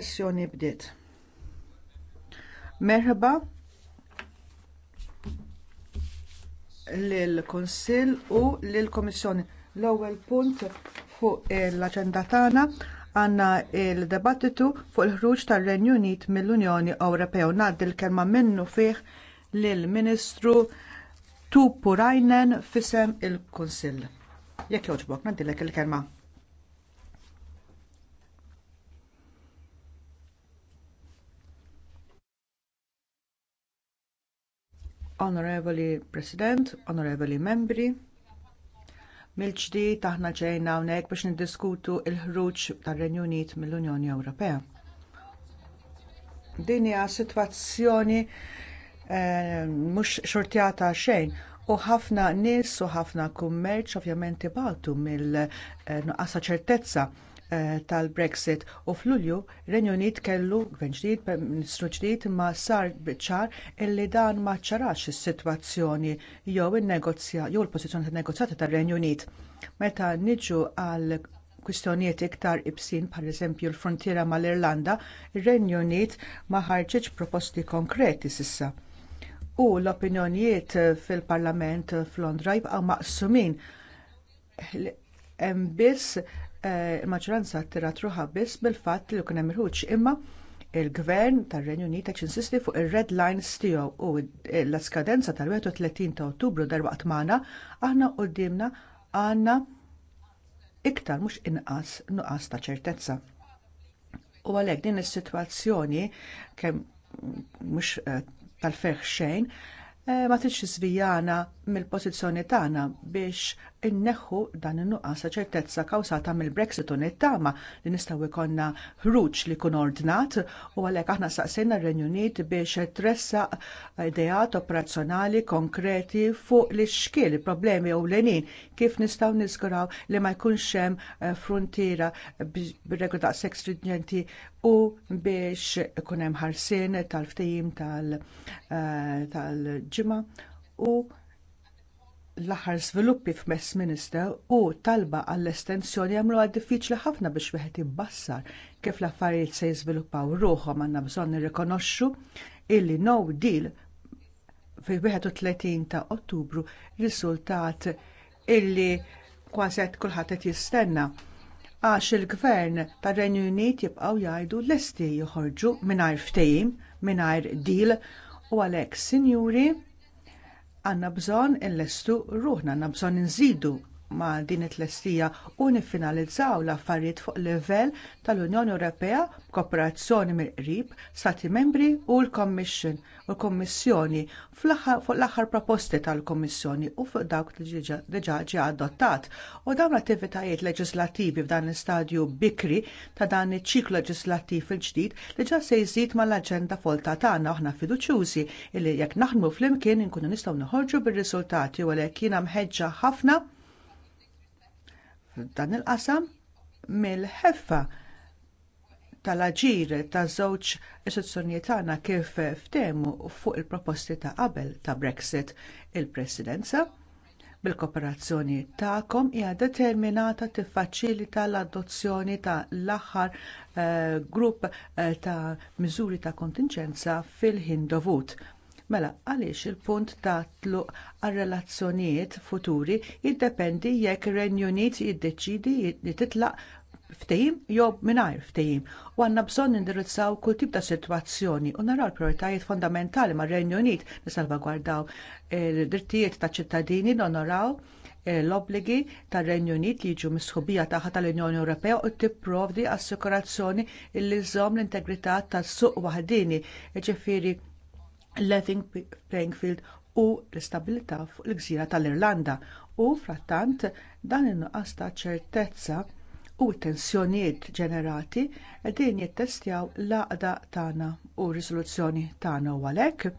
Sessjoni bdiet. Merħba lill-Kunsill u lill-Komissjoni. L-ewwel punt fuq eh, l-aġenda tagħna għandna il-debattitu fuq il-ħruġ tar-Renju Unit mill-Unjoni Ewropea u ngħaddi l-kelma minnu fih lill-Ministru Tupurajnen fisem il-Kunsill. Jekk jogħġbok, nagħdilek il-kelma. Onorevoli President, onorevoli membri, mill-ġdid aħna ġejna hawnhekk biex niddiskutu l-ħruġ tar-Renju Unit mill-Unjoni Ewropea. Din hija sitwazzjoni eh, mhux xortjata xejn u ħafna nies u ħafna kummerċ ovvjament ibatu mill-nuqqasa eh, ċertezza Eh, tal-Brexit u f'Lulju Renju Unit kellu gvern ġdid, ministru ġdid ma sar biċ-ċar illi dan ma ċarax is-sitwazzjoni jew in-negozja jew il-pożizzjoni tan-negozjati tar-Renju Unit. Meta niġu għal kwistjonijiet iktar ibsin pereżempju l-frontiera mal-Irlanda, ir-Renju Unit ma ħarġitx proposti konkreti sissa. U l-opinjonijiet fil-Parlament f'Londra jibqgħu maqsumin hemm biss Eh, il maġġoranza tirat ruħa biss bil-fatt li kien hemm irħuġ imma il-gvern tar-Renju Unit qed insisti fuq ir-red lines tiegħu u l-skadenza tal-31 ta' Ottubru darbaqt magħna aħna qudiemna għandna iktar mhux inqas nuqqas ta' ċertezza. U għalhekk din is-sitwazzjoni kemm mhux eh, tal-ferħ xejn Eh, ma tridx isvijana mill-pożizzjoni tagħna biex inneħħu dan in-nuqqas ta' ċertezza kawsata mill-Brexit u nittama li nistgħu jkollna ħruġ li jkun ordnat u għalhekk aħna saqsejna r-Renju Unit biex tressaq ideat operazzjonali konkreti fuq l xkiel problemi ewlenin kif nistgħu niskuraw li ma jkunx hemm eh, frontiera bir-regola ta' u biex ikun hemm ħarsien tal-ftehim eh, tal-ġimgħa u l-aħħar żviluppi f'Mess Minister u talba għall-estensjoni għad diffiċli ħafna biex wieħed ibbassar kif l-affarijiet se jiżviluppaw ruħhom għandna bżonn irrikonoxxu illi no deal fi 31 ta' Ottubru riżultat illi kważi kulħadd qed jistenna għax il-gvern tar-Renju Unit jibqgħu jgħidu lesti joħorġu mingħajr ftehim, mingħajr deal u għalhekk sinjuri għandna bżonn inlestu ruħna, għandna bżonn inżidu ma' din it tlestija u niffinalizzaw l-affarijiet fuq livell tal-Unjoni Ewropea b'kooperazzjoni mill-qrib, stati membri u l-Commission u l-Kommissjoni fuq l-aħħar proposti tal-Kommissjoni u fuq dawk li diġà ġie adottat. U dawn l-attivitajiet leġislattivi f'dan l-istadju bikri ta' dan iċ-ċiklu leġislattiv il-ġdid li ġa se jżid mal-aġenda folta tagħna aħna fiduċjużi li jekk naħdmu flimkien inkunu nistgħu noħorġu bir-riżultati u għalhekk jiena mħeġġa ħafna f'dan il-qasam mill-ħeffa tal-aġir taż-żewġ istituzzjonijiet tagħna kif ftehmu fuq il-proposti ta' qabel ta' Brexit il-Presidenza bil-kooperazzjoni tagħkom hija determinata tiffaċilita l-adozzjoni ta' l-aħħar eh, grupp eh, ta' miżuri ta' kontinġenza fil-ħin dovut Mela, għaliex il-punt ta' tluq għal relazzjonijiet futuri jiddependi jekk ir-Renju Unit jiddeċidi li titlaq ftehim jew mingħajr ftehim. U għandna bżonn indirizzaw kull tip ta' sitwazzjoni u naraw l-prioritajiet fondamentali mar-Renju Unit li salvagwardaw l drittijiet ta' ċittadini nonoraw l obbligi tar renju Unit li jiġu misħubija taħt tal-Unjoni Ewropea u tipprovdi assikurazzjoni li żżomm l-integrità tas-suq waħdini, ġifieri Leving playing field u l-istabilità fuq il-gżira tal-Irlanda u frattant dan in-nuqqas ta' ċertezza u t tensjonijiet ġenerati qegħdin jittestjaw l-għaqda tagħna u r-riżoluzzjoni tagħna u għalhekk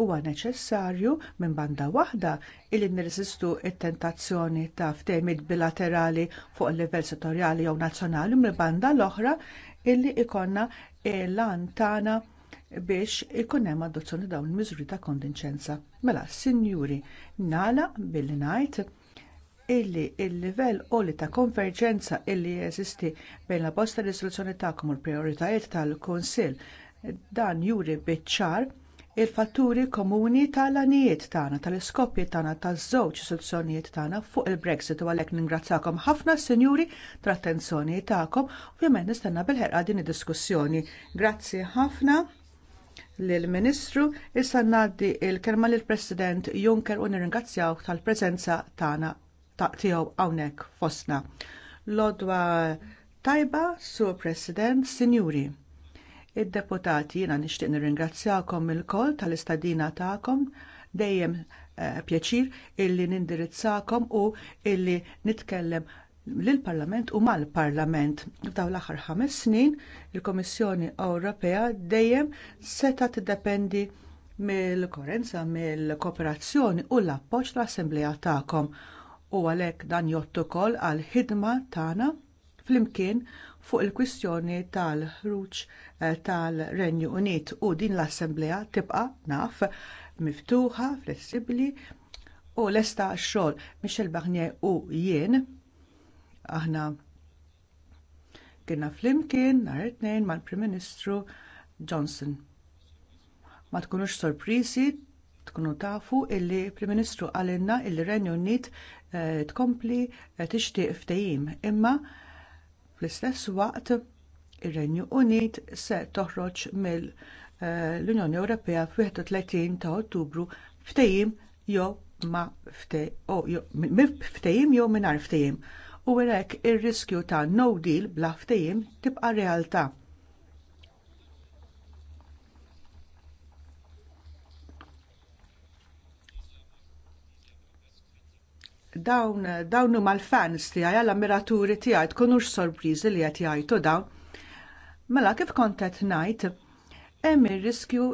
huwa neċessarju minn banda waħda li nirreżistu t tentazzjoni ta' ftehmiet bilaterali fuq il-livell settorjali jew nazzjonali minn banda l-oħra illi ikonna l-għan tagħna biex ikun hemm adozzjoni dawn il-miżuri ta' kontinċenza. Mela, sinjuri, nala billi ngħid illi il-livell qoli ta' konverġenza illi jeżisti bejn la bosta risoluzzjoni tagħkom u l-prijoritajiet tal-Kunsill dan juri biċ-ċar il-fatturi komuni tal-anijiet tagħna, tal-iskopji tagħna, taż-żewġ soluzzjonijiet tagħna fuq il-Brexit u għalhekk ningrazzakom ħafna sinjuri tal-attenzjoni tagħkom. Ovvjament nistenna bil-ħerqa din id-diskussjoni. Grazzi ħafna lill-Ministru issa ngħaddi l kelma lill President Juncker u nirringrazzjaw tal-preżenza tagħna tiegħu hawnhekk fostna. Lodwa tajba, Sur President, Sinjuri. Id-deputati jiena nixtieq nirringrazzjakom ilkoll tal-istadina tagħkom dejjem eh, pjaċir illi nindirizzakom u illi nitkellem lill-Parlament u mal-Parlament. F'dawn l-aħħar ħames snin il-Komissjoni Ewropea dejjem seta tiddependi mill-korenza, mill-kooperazzjoni u l-appoġġ l-Assembleja tagħkom u għalhekk dan jott ukoll għal ħidma tagħna flimkien fuq il-kwistjoni tal-ħruġ eh, tal-Renju Unit u din l-Assembleja tibqa' naf miftuħa, flessibbli u lesta x-xogħol Michel Barnier u jien Aħna kienna flimkien nhar it-tnejn mal-Prim Ministru Johnson. Ma tkunux sorpriżi tkunu tafu illi Prim Ministru għalinna illi Renju Unit eh, tkompli eh, tixtieq ftehim imma fl-istess waqt ir-Renju Unit se toħroġ mill eh, l-Unjoni Ewropea f-31 ta' Ottubru ftehim jew ma ftehim jew mingħajr ftehim u hekk ir-riskju ta' no deal bla ftehim tibqa' realtà. dawn dawn huma l-fans tiegħi għall-ammiraturi tiegħi tkunux sorpriżi li qed jgħidu dawn. Mela kif kont qed ngħid hemm ir-riskju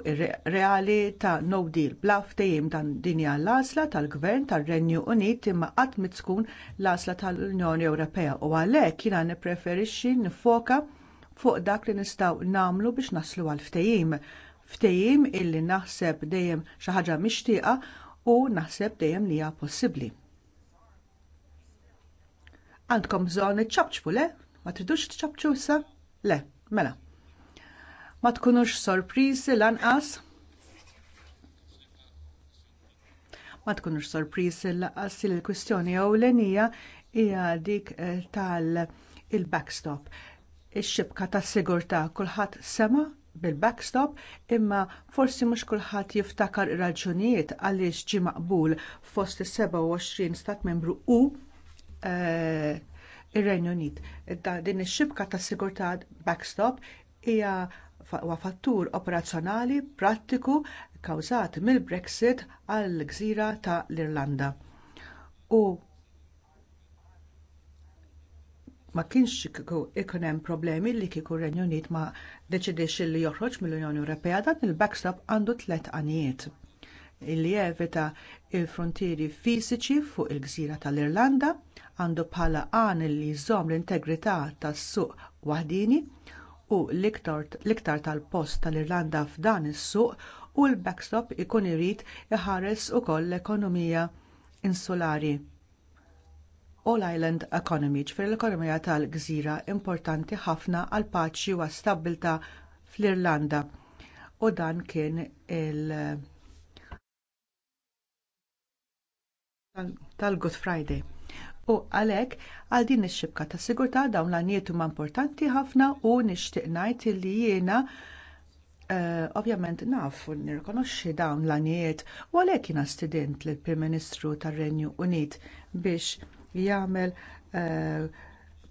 reali ta' no deal bla ftehim dan dinja l-għażla tal-Gvern tar-Renju Unit imma qatt mi tkun l-għażla tal-Unjoni Ewropea u għalhekk jiena nippreferixxi nifoka fuq dak li nistgħu nagħmlu biex naslu għal ftehim. Ftehim illi naħseb dejjem xi ħaġa mixtieqa u naħseb dejjem li hija possibbli. Għandkom bżonn iċċabċbu le? Ma tridux tċabċu issa? Le, mela ma tkunux sorpriżi lanqas ma tkunux sorpriżi lanqas li l-kwistjoni ewlenija hija dik eh, tal il-backstop. Ix-xibka tas sigurtà kulħadd sema bil-backstop imma forsi mhux kulħadd jiftakar ir raġunijiet għaliex ġie maqbul fost is-27 stat membru u eh, ir-Renju Unit. Din ix-xibka tas sigurtà backstop hija huwa fattur operazzjonali prattiku kkawżat mill-Brexit għall gżira ta' l-Irlanda. U ma kienx ikun hemm problemi li kieku r-Renju Unit ma deċidix li joħroġ mill-Unjoni Ewropea dan il-backstop għandu tliet għanijiet li jevita l frontieri fiżiċi fuq il-gżira tal-Irlanda għandu bħala għan li jżomm l-integrità tas-suq waħdini u l-iktar tal-post tal-Irlanda f'dan is-suq u l-backstop ikun irid iħares ukoll l-ekonomija insulari. All Island Economy ġifier l-ekonomija tal-gżira importanti ħafna għal paċi u għas-stabbiltà fl-Irlanda. U dan kien il- tal-Good Friday. U għalhekk għal din ix-xibka ta' sigurtà dawn l-għanijiet huma importanti ħafna u nixtieq ngħid li jiena uh, ovvjament naf u nirrikonoxxi dawn l-għanijiet u għalhekk jiena student lill prim Ministru tar-Renju Unit biex jagħmel uh,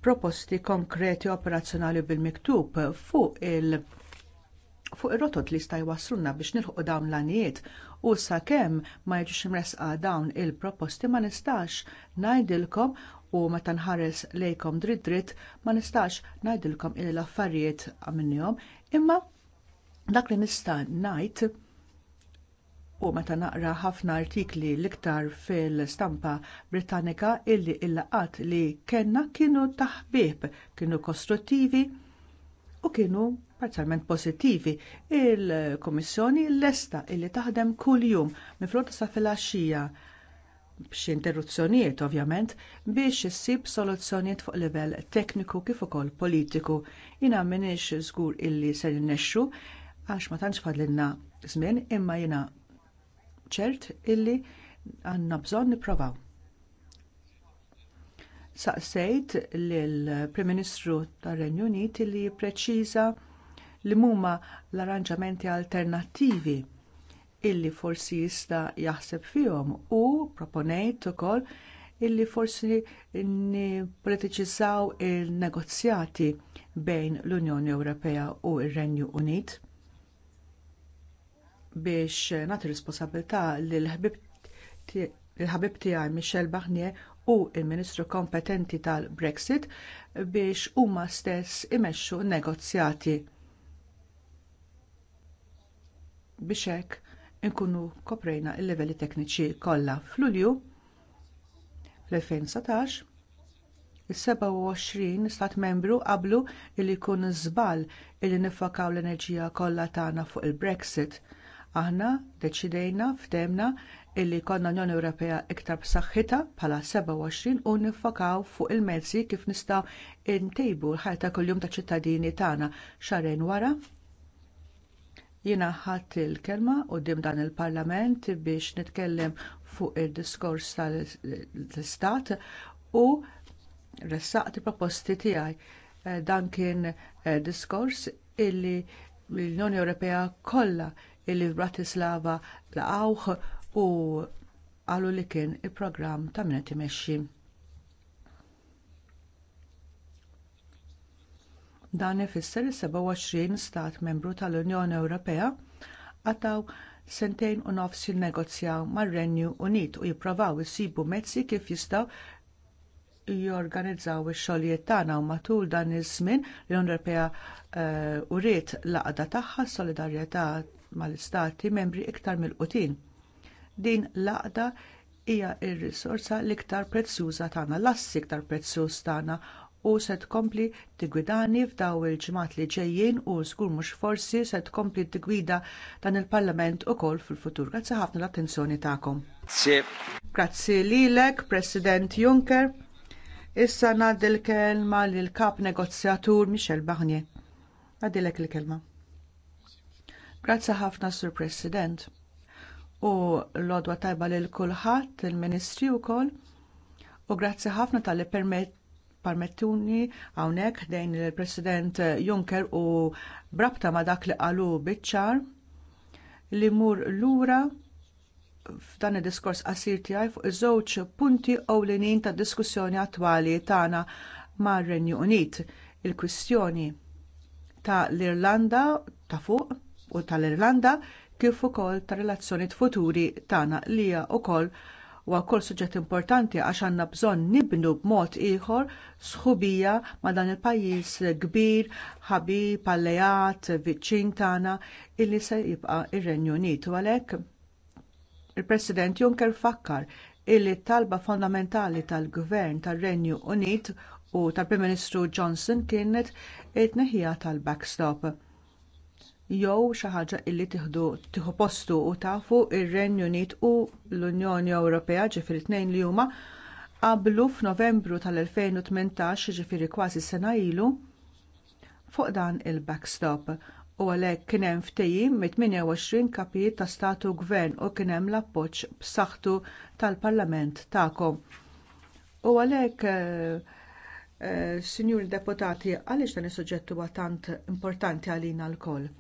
proposti konkreti operazzjonali bil-miktub fuq il- fuq ir-rotot li jista' jwassluna biex nilħu dawn l-għanijiet u sakemm ma jiġux imresqa dawn il-proposti ma nistax ngħidilkom u meta nħares lejkom dritt dritt ma nistax ngħidilkom il l-affarijiet minnihom imma dak li nista' ngħid u meta naqra ħafna artikli l-iktar fil-stampa Britannika illi illaqat li kellna kienu taħbib, kienu kostruttivi u kienu parzialment pożittivi. Il-Komissjoni lesta illi taħdem kuljum miflot sa filgħaxija b'xi interruzzjonijiet ovvjament biex issib soluzzjonijiet fuq livell tekniku kif ukoll politiku. Jiena m'iniex żgur illi se jinnexxu għax ma tantx fadlilna żmien imma jiena ċert illi għandna bżonn nippruvaw saqsejt lill-Prim Ministru tar-Renju Unit li jippreċiża li huma l-arranġamenti alternattivi illi forsi jista' jaħseb fihom u proponejt ukoll illi forsi nippolitiċizzaw il-negozjati bejn l-Unjoni Ewropea u r renju Unit biex nagħti responsabilità lill ħbib tiegħi Michel Barnier u l ministru kompetenti tal-Brexit biex huma stess imexxu n negozjati biex hekk inkunu koprejna l livelli tekniċi kollha. F'Lulju l-2017 is-27 stat membru qablu li jkun żball li niffokaw l-enerġija kollha tagħna fuq il-Brexit. Aħna ddeċidejna fdemna illi jkollna Unjoni Ewropea iktar b'saħħitha bħala 27 u niffokaw fuq il-mezzi kif nistgħu ntejbu l-ħajta kuljum taċ ċittadini tagħna xahrejn wara jiena ħadd il-kelma quddiem dan il-Parlament biex nitkellem fuq id diskors tal-Istat u ressaqt il-proposti tiegħi. Eh, dan kien eh, diskors illi l-Unjoni Ewropea kollha illi Bratislava laqgħuh u qalu li kien il-programm ta' min qed imexxi. Dan ifisser il-27 stat membru tal-Unjoni Ewropea għataw sentejn u nofs jinnegozjaw mar-Renju Unit u jipprovaw isibu mezzi kif jistgħu jorganizzaw ix-xogħlijiet tagħna u matul dan iż-żmien l-Unjoni Ewropea eh, uriet l-għaqda tagħha solidarjetà mal-istati membri iktar mill-qutin Din l-għaqda hija r-risorsa l-iktar prezzjuża tagħna, l-assi iktar prezzjuż tagħna u se tkompli tigwidani f'daw il-ġimgħat li ġejjin u żgur mhux forsi se tkompli tigwida dan il-Parlament ukoll fil-futur. Grazzi ħafna l-attenzjoni tagħkom. Grazzi lilek, President Juncker. Issa ngħaddi l-kelma lil kap negozjatur Michel Barnier. Għadilek il-kelma. Grazzi ħafna, Sur President u l-odwa tajba lil kulħadd il-Ministri wkoll u grazzi ħafna tal-li permettuni hawnhekk ħdejn il-President Juncker u brabta ma dak li qalu biċ-ċar li mur lura f'dan id-diskors qasir tiegħi fuq iż-żewġ punti ewlenin tad diskussjoni attwali tagħna mar-Renju Unit, il-kwistjoni ta' l-Irlanda ta' fuq u tal-Irlanda kif ukoll ta' relazzjonijiet futuri tagħna li hija wkoll huwa wkoll suġġett importanti għax għandna bżonn nibnu b'mod ieħor sħubija ma' dan il-pajjiż kbir, ħabib, alleat, viċin tagħna illi se jibqa' ir-Renju Unit. U għalhekk il-President Juncker fakkar illi t talba fondamentali tal-Gvern tar-Renju Unit u tal-Prim Ministru Johnson kienet it-tneħħija tal-backstop jew xi ħaġa illi tieħdu tieħu postu u tafu ir-Renju Unit u l-Unjoni Ewropea ġifieri tnejn li huma qablu f'Novembru tal-2018 ġifieri kważi sena ilu fuq dan il-backstop u għalhekk kien hemm ftehim mit 28 kapijiet ta' statu gvern u kien hemm l-appoġġ b'saħħtu tal-Parlament tagħkom. U għalhekk uh, deputati, għaliex dan is-suġġett huwa tant importanti għalina lkoll?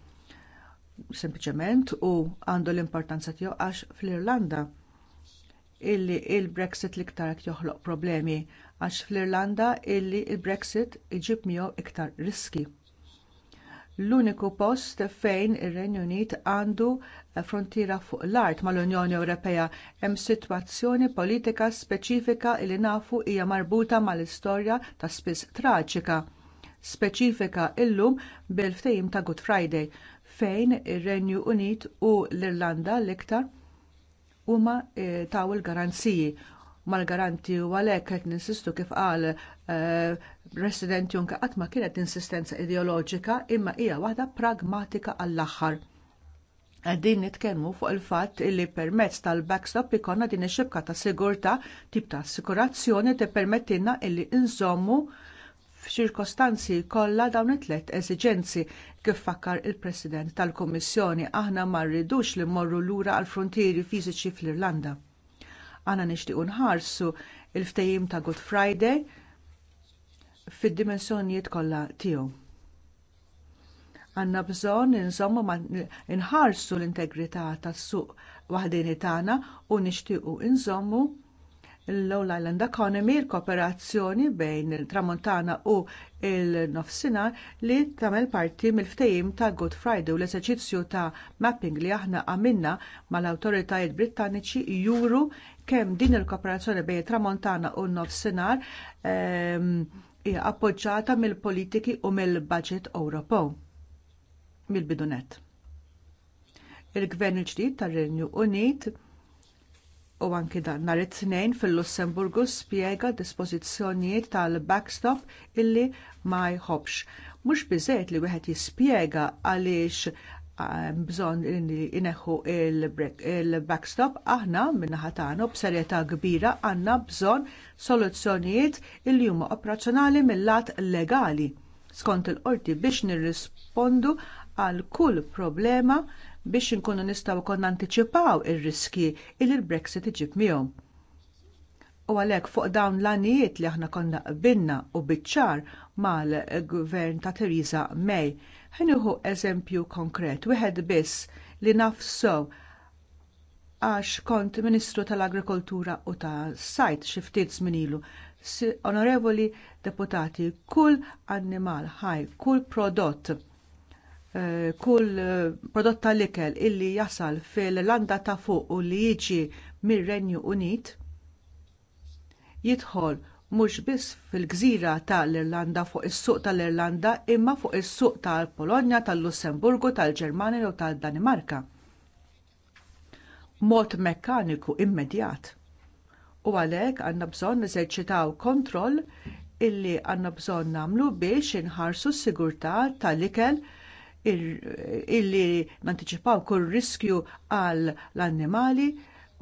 sempliċement u għandu l-importanza tiegħu għax fl-Irlanda illi l brexit l-iktar joħloq problemi għax fl-Irlanda illi l il brexit iġib miegħu iktar riski. L-uniku post fejn ir-Renju Unit għandu frontiera fuq l-art mal-Unjoni Ewropea hemm sitwazzjoni politika speċifika li nafu hija marbuta mal-istorja ta' spiss traġika speċifika llum bil-ftehim ta' Good Friday fejn ir-Renju Unit u l-Irlanda l-iktar huma eh, taw il-garanziji mal-garanti u għalhekk qed ninsistu kif għal President eh, Juncker qatt ma kienet insistenza ideoloġika imma hija waħda pragmatika għall-aħħar. Għaddin nitkellmu fuq il-fatt li permezz tal-backstop ikonna din ix-xibka ta' sigurtà tip ta' assikurazzjoni tippermettilna illi nżommu f'ċirkostanzi kollha dawn it-tliet eżiġenzi kif fakkar il-President tal-Kummissjoni aħna ma rridux li mmorru lura għall frontieri fiżiċi fl-Irlanda. Aħna nixtiequ nħarsu l ftehim ta' Good Friday fid-dimensjonijiet kollha tiegħu. Għandna bżonn insomma nħarsu l-integrità tas-suq waħdini tagħna u nixtiequ inżommu l low Island Economy, il-kooperazzjoni bejn il-Tramontana u il-Nofsina li tagħmel parti mill-ftehim ta' Good Friday u l-eżerċizzju ta' mapping li aħna għamilna mal-awtoritajiet Brittaniċi juru kemm din il-kooperazzjoni bejn it-Tramontana u n-Nofsinhar ehm, hija appoġġjata mill-politiki u mill-budget Ewropew mill-bidunet. Il-gvern ġdid tar-Renju Unit u anki dan nhar it-tnejn fil-Lussemburgu spjega d dispożizzjonijiet tal-backstop illi ma jħobbx. Mhux biżejt li wieħed jispjega għaliex ehm, bżonn ineħħu il-backstop, aħna min-naħa tagħna b'serjetà kbira għandna bżonn soluzzjonijiet illi huma operazzjonali mill-lat legali skont il-qorti biex nirrispondu għal kull problema biex inkunu nistgħu kon anticipaw ir-riski il li l-Brexit iġib miegħu. U għalhekk fuq dawn l-anijiet li aħna konna qbilna u biċ-ċar mal-gvern ta' Theresa May. Ħinuħu eżempju konkret, wieħed biss li nafsow għax kont Ministru tal-Agrikoltura u tas sajt xi ftit żmien ilu. Onorevoli deputati, kull annimal ħaj, kull prodott Eh, kull eh, prodott tal-ikel illi jasal fil-landa ta' fuq u li jiġi mir-Renju Unit jidħol mhux biss fil-gżira tal-Irlanda fuq is-suq tal-Irlanda imma fuq is-suq tal-Polonja, tal-Lussemburgu, tal-Ġermanja u tad-Danimarka. Mod mekkaniku immedjat. U għalhekk għandna bżonn neżerċitaw kontroll illi għandna bżonn nagħmlu biex inħarsu s-sigurtà tal-ikel illi nantiċipaw kull riskju għal l-annimali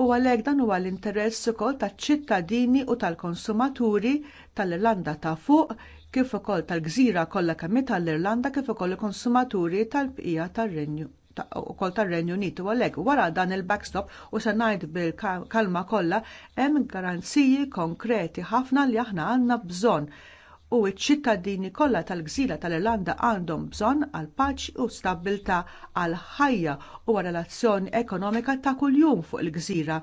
u għalhekk dan huwa l-interess ukoll taċ-ċittadini u tal-konsumaturi tal-Irlanda ta' fuq kif ukoll tal-gżira kollha kemm tal-Irlanda kif ukoll il-konsumaturi tal-bqija tar-Renju ukoll tar-Renju Unitu għalhekk wara dan il-backstop u se ngħid bil-kalma kollha hemm garanziji konkreti ħafna li aħna għandna bżonn u ċ-ċittadini kollha tal-Gżira tal-Irlanda għandhom bżonn għal paċi u stabbiltà għal ħajja u għal relazzjoni ekonomika ta' kuljum fuq il-Gżira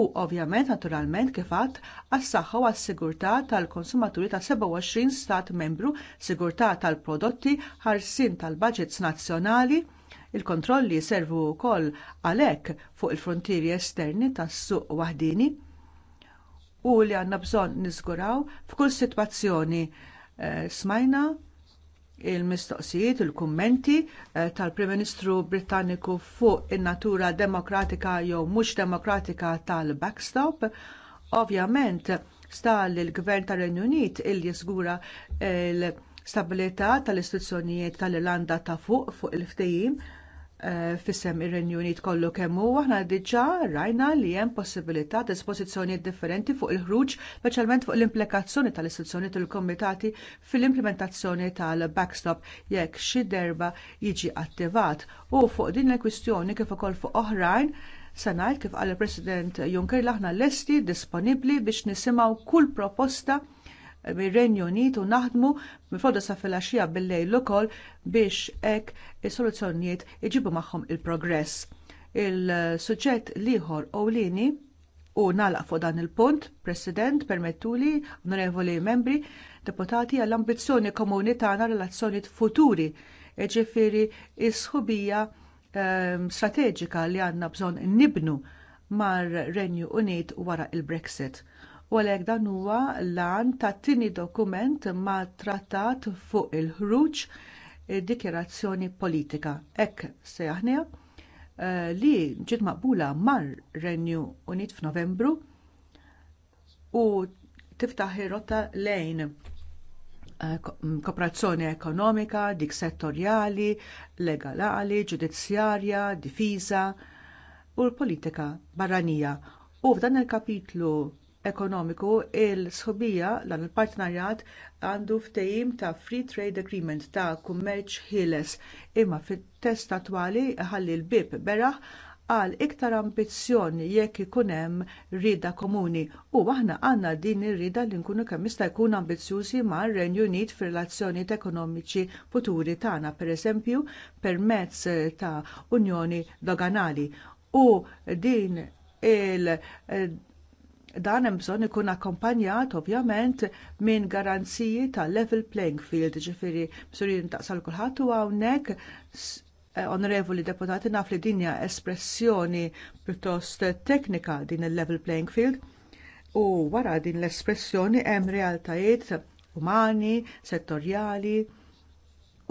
u ovvjament naturalment kif għadd għas-saħħa u għas-sigurtà tal-konsumaturi ta' 27 stat membru, sigurtà tal-prodotti, ħarsien tal-budgets nazzjonali, il-kontrolli jservu wkoll għalhekk fuq il-frontieri esterni tas-suq waħdini u li għandna bżonn niżguraw f'kull sitwazzjoni Eh, smajna il-mistoqsijiet, il-kummenti eh, tal-Prim Ministru Britanniku fuq in-natura demokratika jew mhux demokratika tal-backstop. Ovvjament sta l-Gvern tar-Renju Unit il jiżgura l-stabilità tal-istituzzjonijiet tal-Irlanda ta' fuq fuq il-ftehim Eh, fissem ir-Renju Unit kollu kemm hu aħna diġà rajna li hemm possibilità dispożizzjonijiet differenti fuq il-ħruġ, speċjalment fuq l-implikazzjoni tal-istituzzjoni tal-komitati fil-implementazzjoni tal-backstop jekk xi derba jiġi attivat. U fuq din il-kwistjoni kif ukoll fuq oħrajn se ngħid kif qal il-President Juncker l aħna lesti disponibbli biex nisimgħu kull proposta mir-Renju Unit u naħdmu mifoda sa filaxija bil-lejl ukoll biex hekk is-soluzzjonijiet iġibu magħhom il-progress. Il-suġġett liħor ewlieni u nalaq fuq dan il-punt, President, permettuli, onorevoli membri, deputati għall-ambizzjoni komuni tagħna relazzjonijiet futuri, ġifieri is-sħubija ehm, strateġika li għandna bżonn nibnu mar-Renju Unit wara l brexit u għalhekk dan huwa lan ta' tini dokument ma' trattat fuq il-ħruġ dikjerazzjoni politika. Hekk se aħna eh, li ġiet maqbula mar Renju Unit f'Novembru u tiftaħ rotta lejn eh, mm, kooperazzjoni ekonomika, dik settorjali, legalali, ġudizzjarja, difiża u l-politika barranija. U f'dan il-kapitlu ekonomiku il sħubija dan il-partnerjat għandu ftehim ta' Free Trade Agreement ta' kummerċ ħieles imma fit-test attwali ħalli l-bib beraħ għal iktar ambizzjoni jekk ikun hemm rieda komuni u aħna għandna din ir-rieda li nkunu kemm jista' jkun ambizzjużi mar-Renju Unit fir-relazzjonijiet ekonomiċi futuri tagħna, pereżempju permezz ta' Unjoni Doganali. U din il- Dan hemm bżonn ikun akkompanjat ovvjament minn garanziji ta' level playing field, ġifieri bżurin taqsal kulħadd u hawnhekk eh, onorevoli deputati naf li dinja espressjoni pjuttost teknika din il-level playing field u wara din l-espressjoni hemm realtajiet umani, settorjali,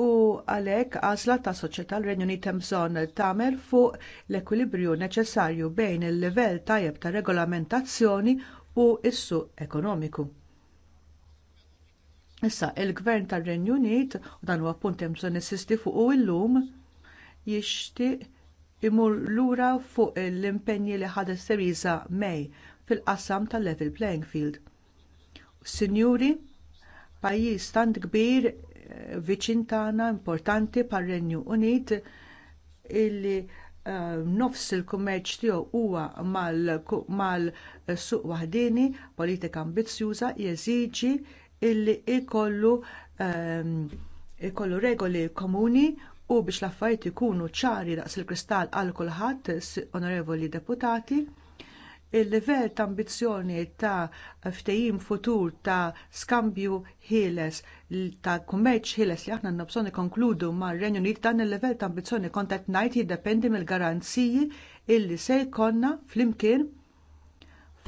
u għalhekk għażla ta' soċjetà l-Renju Unit hemm bżonn tagħmel fuq l-ekwilibrju neċessarju bejn il-livell tajjeb ta' regolamentazzjoni u s-suq ekonomiku. Issa il-Gvern tar-Renju Unit u dan huwa punt hemm bżonn insisti fuq illum jixtieq imur lura fuq l-impenji li ħadet Theresa May fil-qassam tal-level playing field. Sinjuri, pajjiż tant kbir viċin tagħna importanti par-Renju Unit illi eh, nofs il-kummerċ tiegħu huwa mal-suq waħdini, politika ambizzjuża jeżiġi illi ikollu ehm, ikollu regoli komuni u biex l-affarijiet ikunu ċari daqs il-kristall għal kulħadd onorevoli deputati il-livell ta' ambizzjoni ta' ftehim futur ta' skambju ħieles ta' kummerċ ħieles li aħna nobson ikonkludu mar renju Unit dan il-livell ta' ambizzjoni kont qed ngħid jiddependi mill-garanziji illi se jkollna flimkien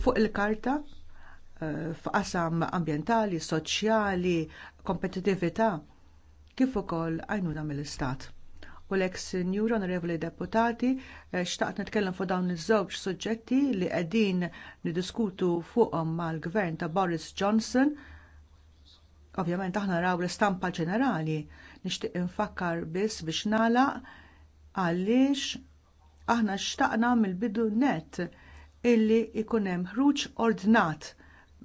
fuq il-karta eh, f'qasam ambjentali, soċjali, kompetitività kif ukoll għajnuna mill-istat u l-ek sinjur onorevoli deputati, eh, xtaqt nitkellem fuq dawn iż-żewġ suġġetti li qegħdin niddiskutu fuqhom mal-gvern ta' Boris Johnson. Ovvjament aħna raw l-istampa ġenerali, nixtieq infakkar biss biex nagħlaq għaliex aħna xtaqna mill-bidu nett illi jkun hemm ħruġ ordnat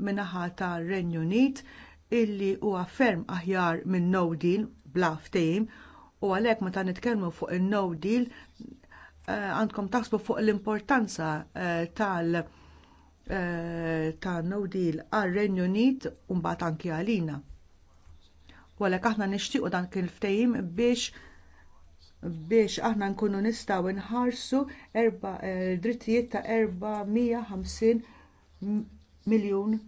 minn naħa tar-Renju Unit illi huwa ferm aħjar minn no deal bla ftehim u għalhekk meta nitkellmu fuq il-no deal eh, għandkom taħsbu fuq l-importanza eh, tal- eh, ta' no deal għal Renju Unit u mbagħad anki għalina. U għalhekk aħna nixtiequ dan kien ftehim biex biex aħna nkunu nistgħu nħarsu drittijiet ta' 450 miljun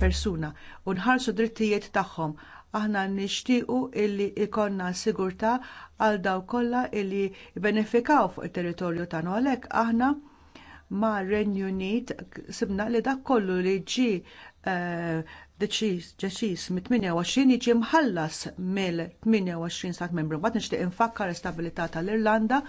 persuna u nħarsu drittijiet tagħhom Aħna nixtiequ illi ikonna sigurtà għal dawk kollha illi jbenefikaw fuq it-territorju tagħna għalhekk aħna ma' Renju Unit sibna li dak kollu li ġie deċiż mit-28 jiġi mħallas mill-28 stat membru. Mbagħad nixtieq infakkar l-istabilità tal-Irlanda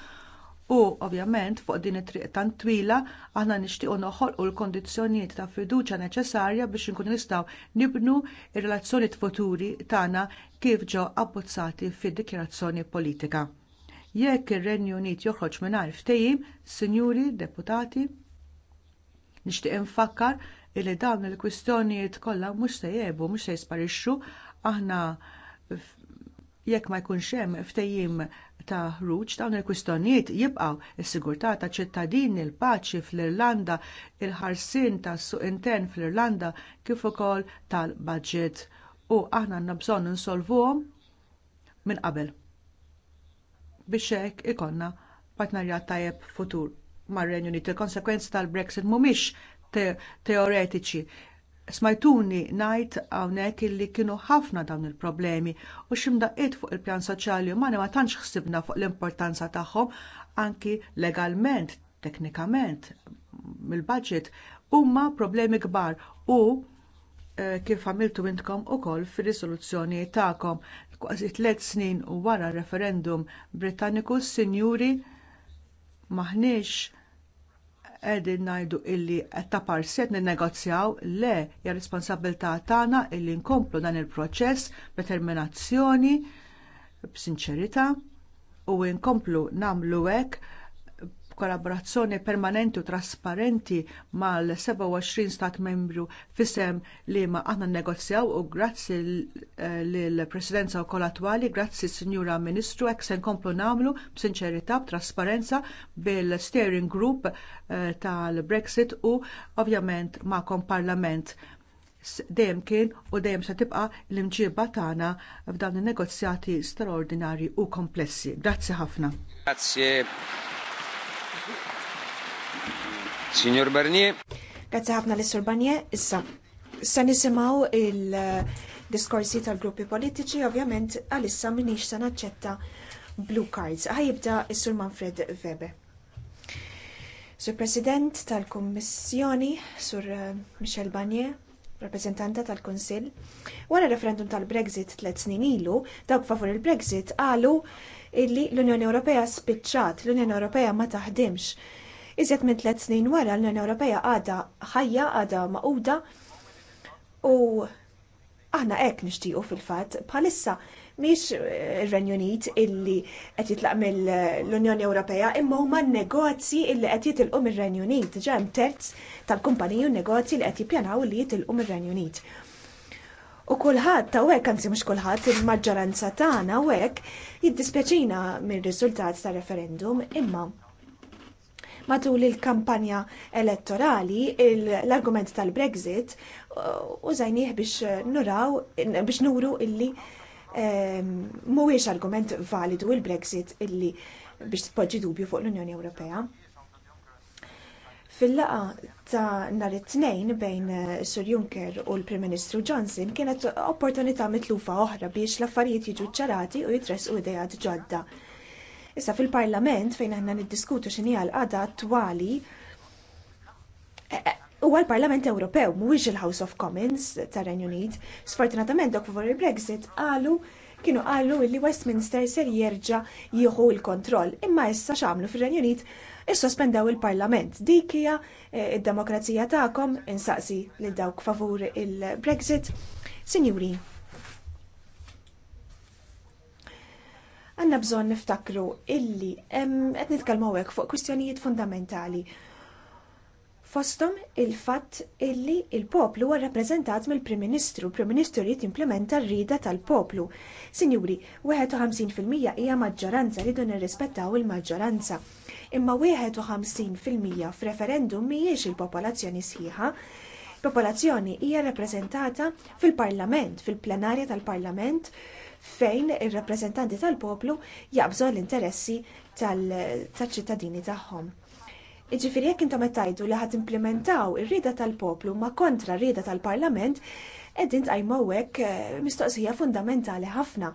U ovvjament fuq din it-triq tant twila aħna nixtiequ noħolqu l-kondizzjonijiet ta' fiduċja neċessarja biex inkunu nistgħu nibnu r-relazzjonijiet futuri tagħna kif ġo abbozzati fid-dikjarazzjoni politika. Jekk ir-Renju Unit joħroġ mingħajr ftehim, Sinjuri Deputati, nixtieq infakkar li dawn il-kwistjonijiet kollha mhux se jebu, mhux se jisparixxu aħna jekk ma jkunx hemm ftehim ta' ħruġ dawn il-kwistjonijiet jibqgħu s sigurtà ta' ċittadini, il-paċi fl-Irlanda, il ħarsien tas suq intern fl-Irlanda kif ukoll tal-budget u aħna għandna bżonn insolvuhom minn qabel. Biex hekk ikollna partnerjat tajjeb futur mar-Renju Unit. Il-konsekwenzi tal-Brexit mhumiex teoretiċi smajtuni ngħid hawnhekk illi kienu ħafna dawn il-problemi u x'imdaqqiet fuq il-pjan soċjali umani ma tantx ħsibna fuq l-importanza tagħhom anki legalment, teknikament, mill-budget huma problemi kbar u e, kif għamiltu intkom ukoll fir-risoluzzjoni tagħkom kważi tliet snin wara r referendum Britanniku, sinjuri maħniex qegħdin ngħidu illi qed ta' parset ninnegozjaw le hija responsabilità tagħna illi nkomplu dan il-proċess b'determinazzjoni b'sinċerità u nkomplu nagħmlu hekk b'kollaborazzjoni permanenti u trasparenti mal-27 stat membru fisem li ma aħna nnegozjaw u grazzi lill presidenza wkoll attwali, grazzi Sinjura Ministru, hekk se nkomplu nagħmlu b'sinċerità, b'trasparenza bil-steering group eh, tal-Brexit u ovvjament ma'kom Parlament dejjem kien u dejjem se tibqa' l-imġiba tagħna f'dawn in-negozjati straordinarji u komplessi. Grazzi ħafna. Grazie. Signor Barnier. Grazie ħafna l-Sur Barnier. Issa, sa nisimaw il-diskorsi tal-gruppi politiċi, ovvjament għalissa minix sa naċċetta blue cards. Ħajibda s-Sur Manfred Weber. Sur President tal-Kommissjoni, Sur eh, Michel Barnier, rappresentanta tal-Konsil, wara referendum tal-Brexit tliet snin ilu, dawk favur il-Brexit qalu illi l-Unjoni Ewropea spiċċat, l-Unjoni Ewropea ma taħdimx Iżjed minn tliet snin wara l-Unjoni Ewropea għadha ħajja għadha maquda u aħna hekk nixtiequ fil-fatt bħalissa mhix ir-Renju eh, Unit illi qed jitlaq mill-Unjoni Ewropea imma huma n-negozji illi qed jitilqu mir-Renju Unit ġa hemm terz tal-kumpaniji u negozji li qed jippjanaw li jitilqu mir-Renju Unit. U kulħadd ta' hekk anzi mhux kulħadd il-maġġoranza tagħna hekk jiddispjaċina mir-riżultat tar referendum imma Matul il-kampanja elettorali, l-argument tal-Brexit użajnieh biex nuraw, biex nuru illi ehm, mhuwiex argument validu il-Brexit illi biex tpoġġi dubju fuq l-Unjoni Ewropea fil laqgħa ta' nhar it-tnejn bejn eh, Sur Juncker u l-Prim Ministru Johnson kienet opportunità mitlufa oħra biex l-affarijiet jiġu ċarati u jitressqu ideat ġodda. Issa fil-Parlament fejn aħna niddiskutu xini għal-qada attuali e, e, huwa l-Parlament Ewropew mhuwiex il-House of Commons tar-Renju Unit. Sfortunatament dok favor il-Brexit qalu kienu qalu li Westminster ser jerġa' jieħu l-kontroll. Imma issa x'amlu fir-Renju Unit Is-sospendew il-Parlament. Dik hija e, id-demokrazija tagħkom insaqsi lil dawk favur il-Brexit. Signori, għanna bżon niftakru illi qed nitkellmu hekk fuq kwistjonijiet fundamentali. Fostom il-fatt illi il-poplu huwa rappreżentat mill-Prim Ministru, prim Ministru jrid implementa r tal-poplu. Sinjuri, 51% hija maġġoranza rridu nirrispettaw il-maġġoranza. Imma 51% f'referendum mhijiex il-popolazzjoni sħiħa, popolazzjoni hija rappreżentata fil-Parlament, fil-plenarja tal-Parlament, fil parlament fil plenarja tal parlament fejn ir-rappreżentanti tal-poplu jaqbżu l-interessi tal-ċittadini tagħhom. Jiġifieri jekk intom qed tgħidu li ħadd implementaw ir-rieda tal-poplu ma kontra r-rieda tal-Parlament, qegħdin tqajmu hekk eh, mistoqsija fundamentali ħafna.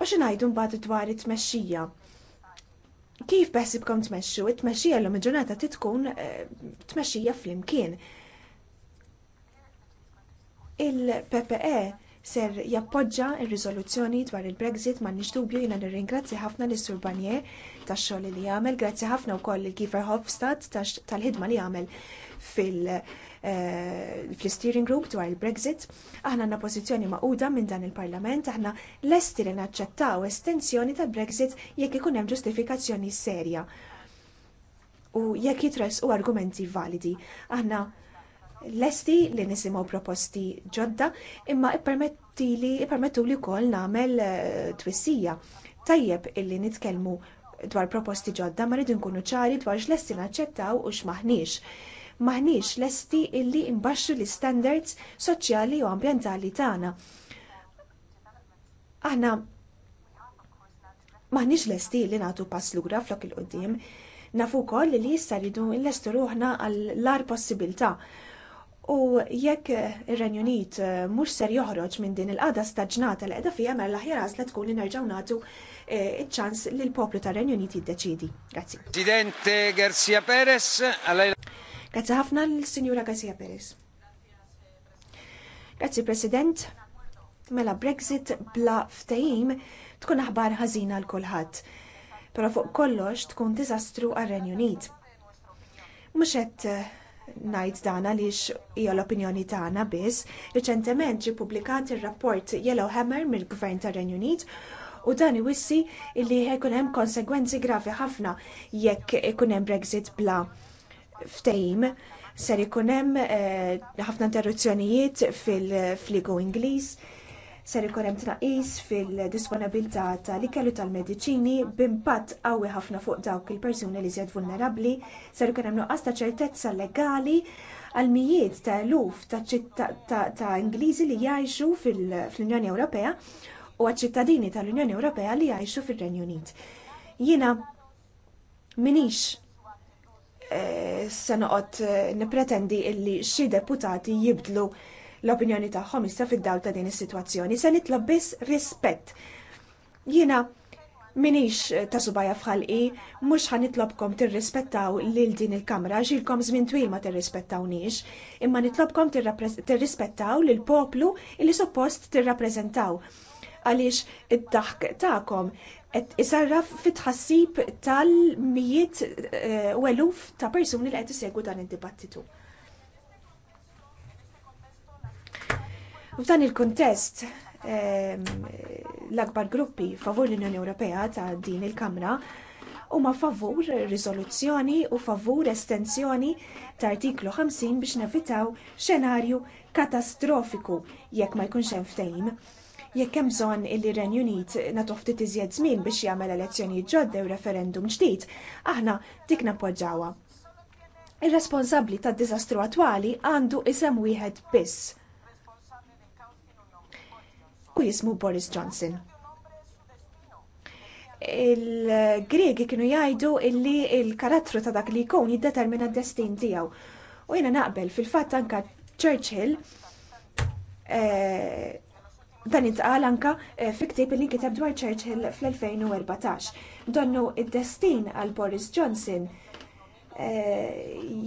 U xi ngħidu mbagħad dwar it-tmexxija? Kif beħsibkom tmexxu? It-tmexxija l ġurnata titkun eh, tmexxija flimkien. Il-PPE ser jappoġġa r-riżoluzzjoni dwar il-Brexit m'għandniex dubju jiena nirringrazzja ħafna l sur Barnier tax-xogħol li jagħmel, grazzi ħafna wkoll lil Kiefer Hofstadt tal-ħidma li jagħmel fil-steering eh, group dwar il-Brexit. Aħna għandna pożizzjoni maquda minn dan il-Parlament, aħna lesti li naċċettaw estensjoni tal-Brexit jekk ikun hemm ġustifikazzjoni serja u jekk u argumenti validi. Aħna lesti li nisimgħu proposti ġodda imma ippermettili li wkoll nagħmel eh, twissija tajjeb illi nitkellmu dwar proposti ġodda ma rridu nkunu ċari dwar x'lesti naċċettaw u x'maħniex. Maħniex lesti illi imbaxxu l-istandards soċjali u ambjentali tagħna. Aħna maħniex lesti li nagħtu pass lura flok il-qudiem nafu wkoll li jista' rridu nlestu ruħna għall-ar possibilità U jekk ir-Renju Unit eh, mhux ser joħroġ minn din il-qada staġnata li qiegħda fiha mela l-aħjar għażla tkun li nerġgħu nagħtu eh, ċ-ċans li l-poplu tar-Renju Unit jiddeċiedi. Grazzi. President Garcia Perez, Grazzi ħafna l-Sinjura Garcia Perez. Grazzi President, mela Brexit bla ftehim tkun aħbar ħażina għal kulħadd. Però fuq kollox tkun diżastru għar-Renju Unit. Mhux qed eh, ngħid dan għaliex hija l-opinjoni tagħna biss. Riċentement ġie ppubblikat ir-rapport Yellowhammer mill-Gvern tar-Renju Unit u dan iwissi li jkun hemm konsegwenzi gravi ħafna jekk ikun hemm Brexit bla ftehim. Ser ikun hemm eh, ħafna interruzzjonijiet fil-fligu Ingliż ser ikun hemm tnaqqis fil-disponibilità tal-ikel u tal-mediċini b'impatt qawwi ħafna fuq dawk il-persuni li żjed vulnerabbli, ser ikun hemm nuqqas ta' ċertezza legali għal mijiet ta' eluf ta' Ingliżi li jgħixu fl-Unjoni Ewropea u għaċ-ċittadini tal-Unjoni Ewropea li jgħixu fir-Renju Unit. Jiena minix eh, se noqgħod eh, nippretendi li xi deputati jibdlu l-opinjoni tagħhom issa fid-dawl ta' din is-sitwazzjoni se nitlob biss rispett. Jiena minix ta' subajja fħalqi, mhux ħan nitlobkom tirrispettaw lil din il-kamra ġilkom żmien twil ma tirrispettawniex, imma nitlobkom tirrispettaw lil poplu li suppost tirrappreżentaw għaliex id-daħk tagħkom qed isarraf fit ħassib tal-mijiet u eh, eluf ta' persuni li qed isegwu dan id-dibattitu. U f'dan il-kuntest ehm, l-akbar gruppi favur l-Unjoni Ewropea ta' din il-Kamra huma favur riżoluzzjoni u favur estensjoni ta' artiklu 50 biex nevitaw xenarju katastrofiku jekk ma jkunx hemm ftehim. Jekk hemm bżonn il Renju Unit nagħtu ftit iżjed żmien biex jagħmel elezzjonijiet ġodda u referendum ġdid, aħna dik poġġawa. Ir-responsabbli tad-diżastru attwali għandu isem wieħed biss u jismu Boris Johnson. Il-Gregi kienu jgħidu illi il-karattru ta' dak li jkun jiddetermina d-destin tiegħu. U jiena naqbel fil-fatt anka Churchill eh, dan intqal anka eh, fiktib ktieb li dwar Churchill fl-2014. Donnu id-destin għal Boris Johnson eh,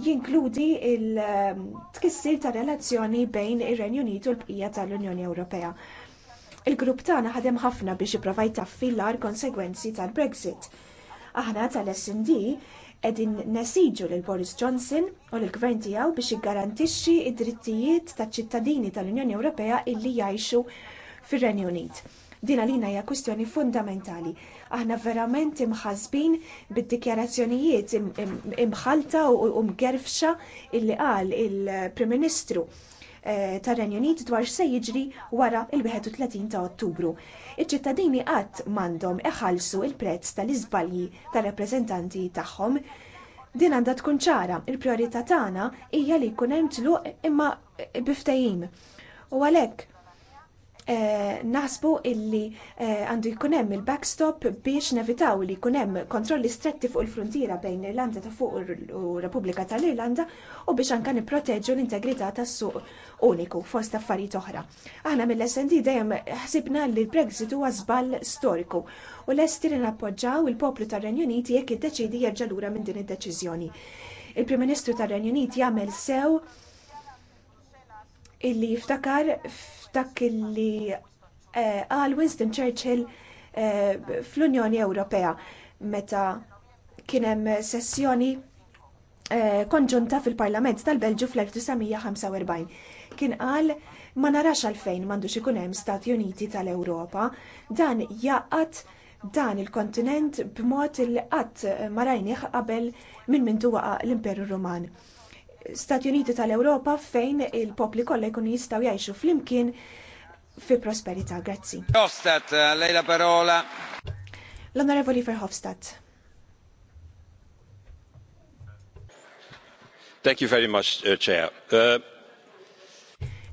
jinkludi il-tkissir ta' relazzjoni bejn ir-Renju Unitu u l-bqija tal-Unjoni Ewropea. Il-grupp tagħna ħadem ħafna biex l jtaffillar konsegwenzi tal-Brexit. Aħna tal-SD qegħdin nesiġu lil Boris Johnson u l-gvern tiegħu biex jiggarantixxi d drittijiet taċ-ċittadini tal-Unjoni Ewropea illi jgħixu fir-Renju Unit. Din għalina hija kwistjoni fundamentali. Aħna verament imħasbin bid-dikjarazzjonijiet imħalta u mgerfxa illi qal il-Prim Ministru Eh, tar-Renju Unit dwar se jiġri wara il-31 ta' Ottubru. Iċ-ċittadini qatt m'għandhom iħallsu l prezz tal-iżbalji tar-rappreżentanti tagħhom. Din għandha tkun ċara, il-priorità tagħna hija li jkun hemm tluq imma biftejim. U għalhekk Eh, naħsbu illi eh, għandu jkun hemm il-backstop biex nevitaw li jkun hemm kontrolli stretti fuq il-frontiera bejn Irlanda ta' fuq u Repubblika tal-Irlanda u biex anke nipproteġġu l-integrità tas-suq uniku fost affarijiet oħra. Aħna mill-SND dejjem ħsibna li l-Brexit huwa żball storiku u lesti li nappoġġaw il-poplu tar-Renju Uniti jekk iddeċidi jerġa' lura minn din id-deċiżjoni. Il-Prim Ministru tar-Renju Uniti jagħmel sew illi jiftakar Dak illi għal eh, Winston Churchill eh, fl-Unjoni Ewropea meta kien hemm sessjoni eh, konġunta fil-Parlament tal-Belġu fl-1945. Kien qal ma narax għalfejn m'għandux ikun hemm Stati Uniti tal-Ewropa, dan jaqat dan il-kontinent b'mod il qatt ma rajnieh qabel minn mintu waqa l-Imperu Ruman. Stati Uniti tal-Ewropa fejn il-popli kollha jkunu jistgħu jgħixu flimkien fi prosperità. Grazzi. Hofstadt, lei la parola. L-Onorevoli Verhofstadt. Thank you very much, uh, Chair. Uh...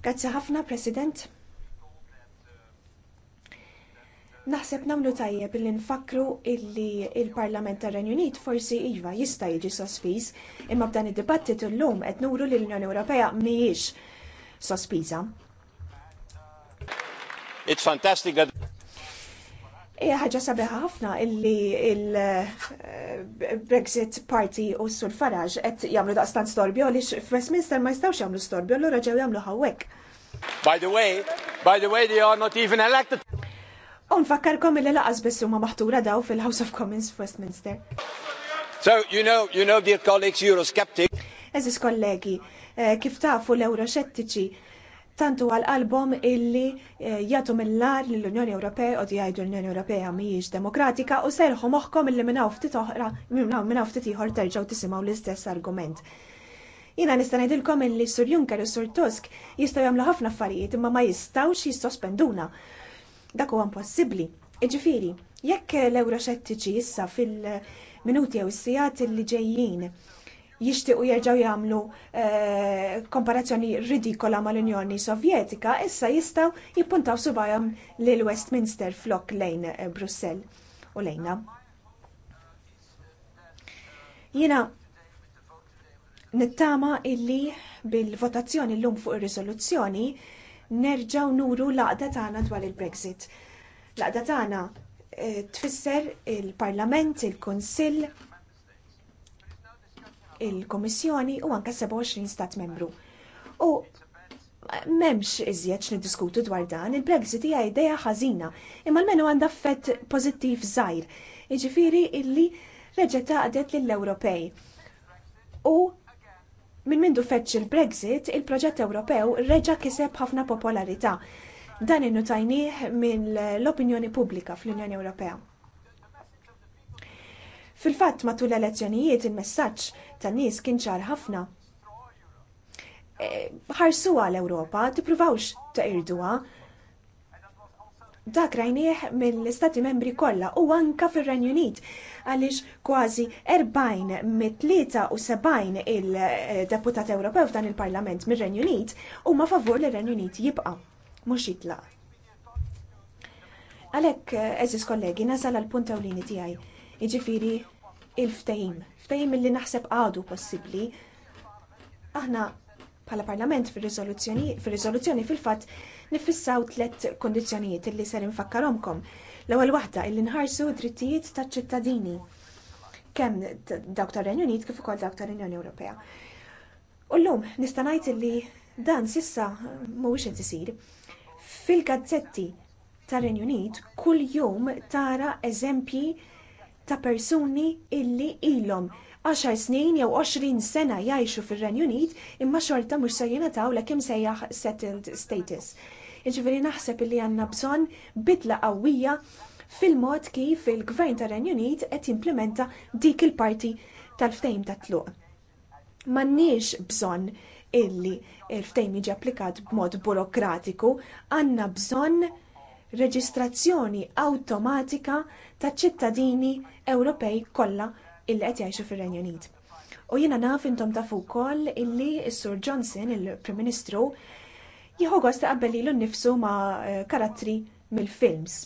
Grazie ħafna, President. Naħseb namlu tajjeb billi nfakru illi il-Parlament tar renju Unit forsi iva jista' jiġi sospiż, imma b'dan id-dibattitu llum qed nuru li l-Unjoni Ewropea mhijiex sospiża. It's fantastic that Ija ħaġa sabiħa ħafna illi il-Brexit eh, Party u Sur Farage qed jagħmlu daqstan storbju għaliex f'Westminster ma jistgħux jagħmlu storbju allura ġew jagħmlu hawnhekk. By the way, by the way they are not even elected. U fakkarkom illi laqas biss huma maħtura daw fil-House of Commons Westminster. So, you know, you know, dear colleagues, Eurosceptic. Eżis kollegi, eh, kif tafu l-Euroxettiċi tantu għal-qalbhom illi eh, jagħtu mill-lar l-Unjoni Ewropea u jgħidu l-Unjoni Ewropea mhijiex demokratika u serħu moħħkom illi minnaw ftit oħra minnaw ftit ieħor terġgħu tisimgħu l-istess argument. Jiena nista' ngħidilkom illi Sur Juncker u Sur Tusk jistgħu jagħmlu ħafna affarijiet imma ma jistgħux jissospenduna dak huwa impossibbli. Iġifieri, jekk l-Ewroxettiċi issa fil-minuti jew is-sigħat li ġejjin jixtiequ jerġgħu jagħmlu eh, komparazzjoni ridikola mal-Unjoni Sovjetika, issa jistgħu jippuntaw subajhom lil Westminster flok lejn eh, Brussell u lejna. Jiena nittama illi bil-votazzjoni llum fuq ir-riżoluzzjoni nerġaw nuru l-għaqda tagħna dwar il-Brexit. L-għaqda tagħna eh, tfisser il-Parlament, il-Kunsill, il komissjoni u anke 27 stat membru. U memx iżjed niddiskutu dwar dan, il-Brexit hija idea ħażina, imma l-menu għandha effett pożittiv żgħir, jiġifieri illi reġgħet taqdet lill-Ewropej. U Min mindu feċ il-Brexit, il-proġett Ewropew reġa kiseb ħafna popolarità. Dan innu tajniħ minn l-opinjoni pubblika fl-Unjoni Ewropea. Fil-fatt matul l-elezzjonijiet il-messaġġ tan-nies kien ċar ħafna e, ħarsuha l-Ewropa, tippruvawx taqirduha, dak rajnieh mill-istati membri kollha u anka fir-Renju Unit għaliex kważi 40 mit-73 il-deputat Ewropew f'dan il-Parlament mir-Renju Unit huma favur li renju Unit jibqa' mhux jitlaq. Għalhekk eżis kollegi nasal għal punt ewlieni tiegħi. Jiġifieri il-ftehim, ftehim li naħseb għadu possibbli. Aħna bħala parlament fir fir-rizoluzzjoni fil-fatt nifissaw tliet kundizzjonijiet illi ser infakkarhomkom. L-ewwel waħda li nħarsu drittijiet taċ-ċittadini kemm dawk tar-Renju Unit kif ukoll dawk tal-Unjoni Ewropea. U llum nista' ngħid illi dan s'issa mhuwiex qed isir. Fil-gazzetti tar-Renju Unit kuljum tara eżempji ta' persuni illi ilhom għaxar snin jew 20 sena jgħixu fir-Renju Unit imma xorta mhux se jingħataw l-kemm sejjaħ settled status. Jiġifieri naħseb li għandna bżonn bidla qawwija fil-mod kif il-Gvern tar-Renju Unit qed jimplementa dik il-parti tal-ftehim tat-tluq. M'għandniex bżonn illi il ftehim jiġi applikat b'mod burokratiku, għandna bżonn reġistrazzjoni awtomatika taċ ċittadini Ewropej kollha illi qed jgħixu fir-Renju Unit. U jiena naf intom tafu wkoll illi s-Sur Johnson, il-Prim Ministru, jieħu gost qabel nnifsu ma' eh, karattri mill-films.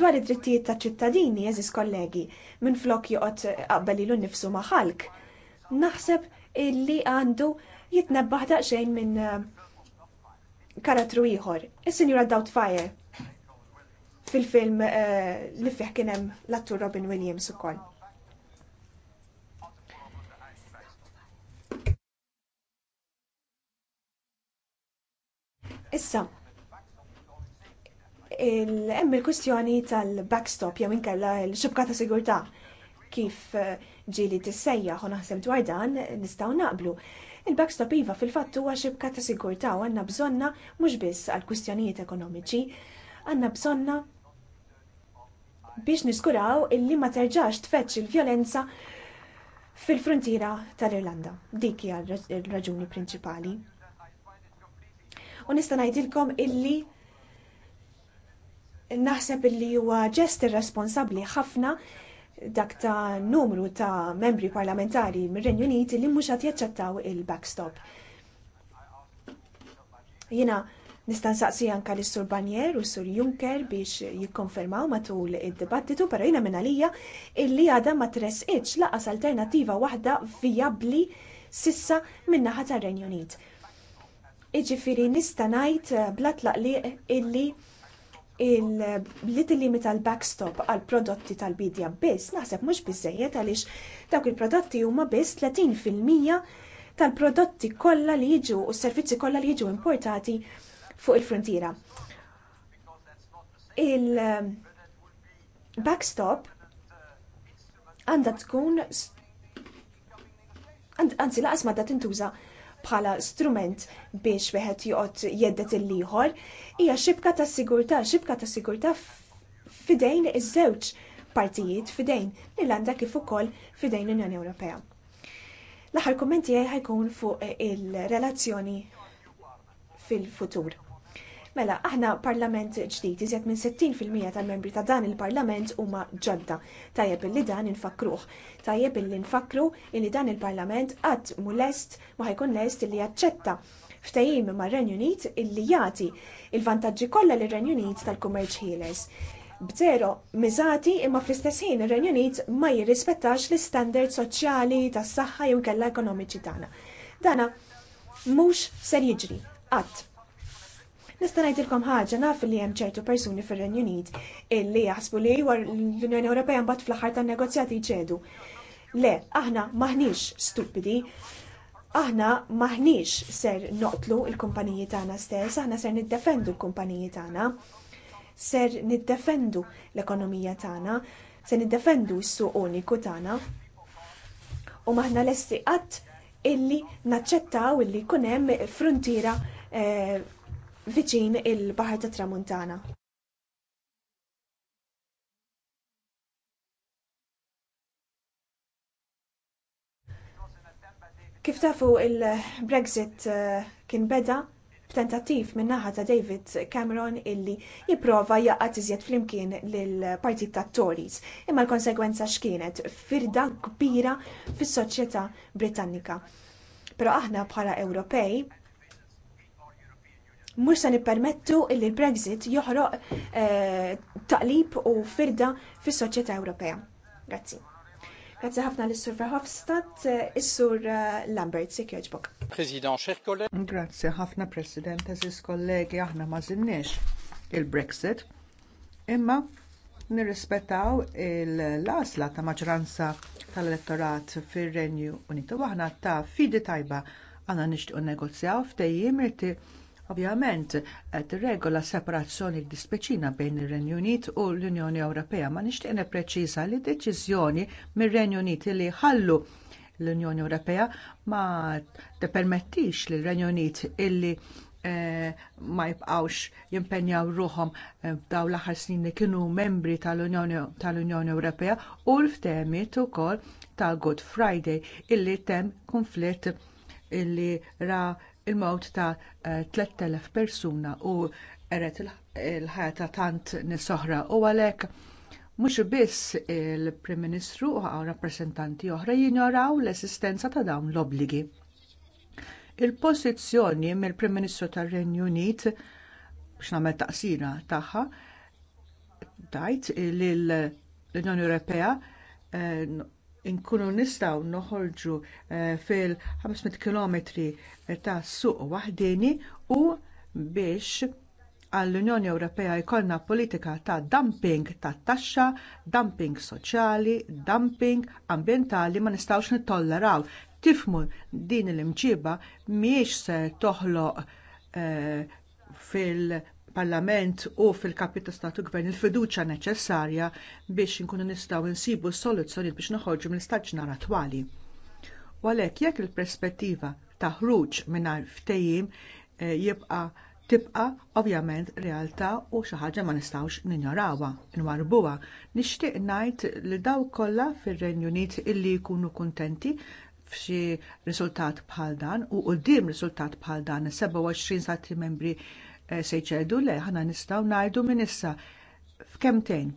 Dwar id-drittijiet ta' ċittadini, eżis kollegi, minn flok joqgħod qabel lilu nnifsu ma' ħalk. Naħseb illi għandu jitnebbaħ daqsxejn minn eh, karattru ieħor. Is-Sinjura Doubtfire fil-film eh, li fih kien hemm l-attur Robin Williams ukoll. Issa, hemm il-kwistjoni tal-backstop jew inkella l-xibka ta' sigurtà kif eh, ġieli tissejjaħ u naħseb dwar dan nistgħu naqblu. Il-backstop iva fil-fatt huwa xibka ta' sigurtà u għandna bżonna mhux biss għal kwistjonijiet ekonomiċi, għandna bżonna biex niskuraw illi ma terġax tfetx il-vjolenza fil-frontiera tal-Irlanda. Dik hija r-raġuni prinċipali. U nista' ngħidilkom illi naħseb illi huwa ġest irresponsabbli ħafna dak ta' numru ta' membri parlamentari mir-Renju Unit li mhux qed jaċċettaw il-backstop. Jiena Nista' nsaqsi anke lis sur Banier u sur Juncker biex jikkonfermaw matul id-dibattitu, però jiena minn għalija illi għadha ma tresqitx laqas alternattiva waħda vijabbli sissa min-naħa tar-Renju Unit. Jiġifieri nista' ngħid eh, bla tlaqliq illi il-little tal-backstop għal prodotti tal-bidja biss, naħseb mhux biżżejjed għaliex dawk il-prodotti huma biss 30% tal-prodotti kollha li jiġu u s-servizzi kollha li jiġu importati fuq il-frontiera. Il-backstop um, għandha tkun anzi laqas ma tintuża bħala strument biex wieħed joqgħod jeddet il-ieħor hija xibka ta' sigurtà, xibka ta' sigurtà fidejn iż-żewġ partijiet fidejn li għandha kif ukoll fidejn l-Unjoni Ewropea. L-aħħar tiegħi ħajkun fuq il-relazzjoni fil-futur. Mela, aħna parlament ġdid, iżjed minn 60% tal-membri ta' dan il-parlament huma ġodda. Tajjeb li dan infakruh. Tajjeb li nfakru li dan il-parlament qatt mu lest ma ħajkun lest li jaċċetta ftajim mar Renjunit Unit illi jagħti il-vantaġġi kollha li renju Unit tal-kummerċ ħieles. B'zero miżati imma fl-istess ħin ir-Renju Unit ma jirrispettax l-istandard soċjali tas-saħħa jew kellha ekonomiċi tagħna. Dana mhux ser jiġri qatt. Nista' ngħidilkom ħaġa naf li hemm ċertu persuni fir-Renju Unit illi jaħsbu li l-Unjoni Ewropea mbagħad fl-aħħar tan-negozjati jċedu. Le, aħna maħniex stupidi. Aħna maħniex ser noqtlu l-kumpaniji tagħna stess, aħna ser niddefendu l-kumpaniji tagħna, ser niddefendu l-ekonomija tagħna, ser niddefendu s-suq uniku tagħna. U maħna l qatt illi naċċettaw illi jkun hemm frontiera Eh, viċin il-Baħar tat Tramuntana. Kif tafu il-Brexit eh, kien beda b'tentattiv min-naħa ta' David Cameron illi jipprova jaqgħad iżjed flimkien lill-Partit tat-Tories. Imma l-konsegwenza x'kienet firda kbira fis-soċjetà Britannika. Però aħna bħala Ewropej mux se nippermettu illi l-Brexit joħroq eh, taqlib u firda fis-soċjetà Ewropea. Grazzi. Grazzi ħafna l sur Verhofstadt, eh, is-Sur eh, Lambert, se President, cher kollegi. Grazzi ħafna President, eżis kollegi, aħna ma żinniex il-Brexit. Imma nirrispettaw l-għażla ta' maġranza tal-elettorat fir-Renju Unito. aħna ta' fidi tajba għandna nixtiequ nnegozjaw ftehim irti Ovvjament, qed regola separazzjoni dispeċina bejn ir-Renju Unit u l-Unjoni Ewropea ma nixtieq nepreċiża li deċiżjoni mir-Renju Unit li ħallu l-Unjoni Ewropea ma tippermettix l renju Unit illi eh, ma jibqgħux jimpenjaw ruhom eh, f'dawn l-aħħar snin li kienu membri tal-Unjoni Ewropea u l-ftemiet ukoll ta' Good Friday illi tem konflitt illi ra il-mawt ta' 3000 eh, persuna u eret il-ħajja ta' tant nisoħra u għalhekk mhux biss il-Prim Ministru u rappreżentanti oħra jinjoraw l-esistenza ta' dawn l-obbligi. Il-pożizzjoni mill-Prim Ministru tar-Renju Unit biex nagħmel taqsira tagħha tajt li l-Unjoni Ewropea eh, inkunu nistgħu noħorġu eh, fil-500 km ta' suq waħdini u biex għall-Unjoni Ewropea jkollna politika ta' dumping tat taxxa, dumping soċjali, dumping ambjentali ma nistgħux nittolleraw. Tifmu din l-imġiba mhijiex se toħloq eh, fil parlament u fil-kapi statu gvern il-fiduċa neċessarja biex inkunu nistgħu insibu soluzzjonijiet biex noħorġu mill-istaġnar attwali. U għalhekk jekk il-perspettiva ta' ħruġ mingħajr ftehim eh, jibqa' tibqa' ovvjament realtà u xi ħaġa ma nistgħux ninjorawha, nwarbuha. Nixtieq ngħid li dawk kollha fir-Renju Unit illi jkunu kuntenti f'xi riżultat bħal dan u quddiem riżultat bħal dan 27 stati membri Eh, se jċedu le ħana nistgħu ngħidu minn issa f'kemtejn.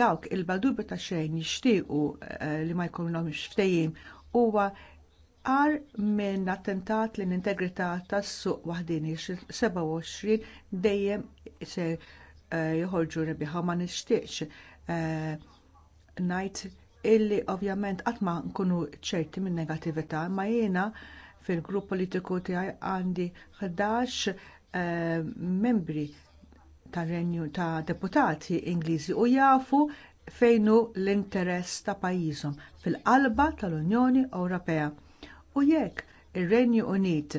Dawk il-badubi ta' xejn jixtiequ eh, li ma jkunx ftehim huwa għar minn attentat l integrità tas-suq waħdini 27 dejjem se eh, joħorġu rebiħa ma nixtieqx ngħid illi ovvjament qatt ma nkunu ċerti minn negattività ma jiena fil-grupp politiku tiegħi għandi 11 eh, membri tar-renju ta' deputati Ingliżi u jafu fejn hu l-interess ta' pajjiżhom fil-qalba tal-Unjoni Ewropea. U jekk ir-Renju Unit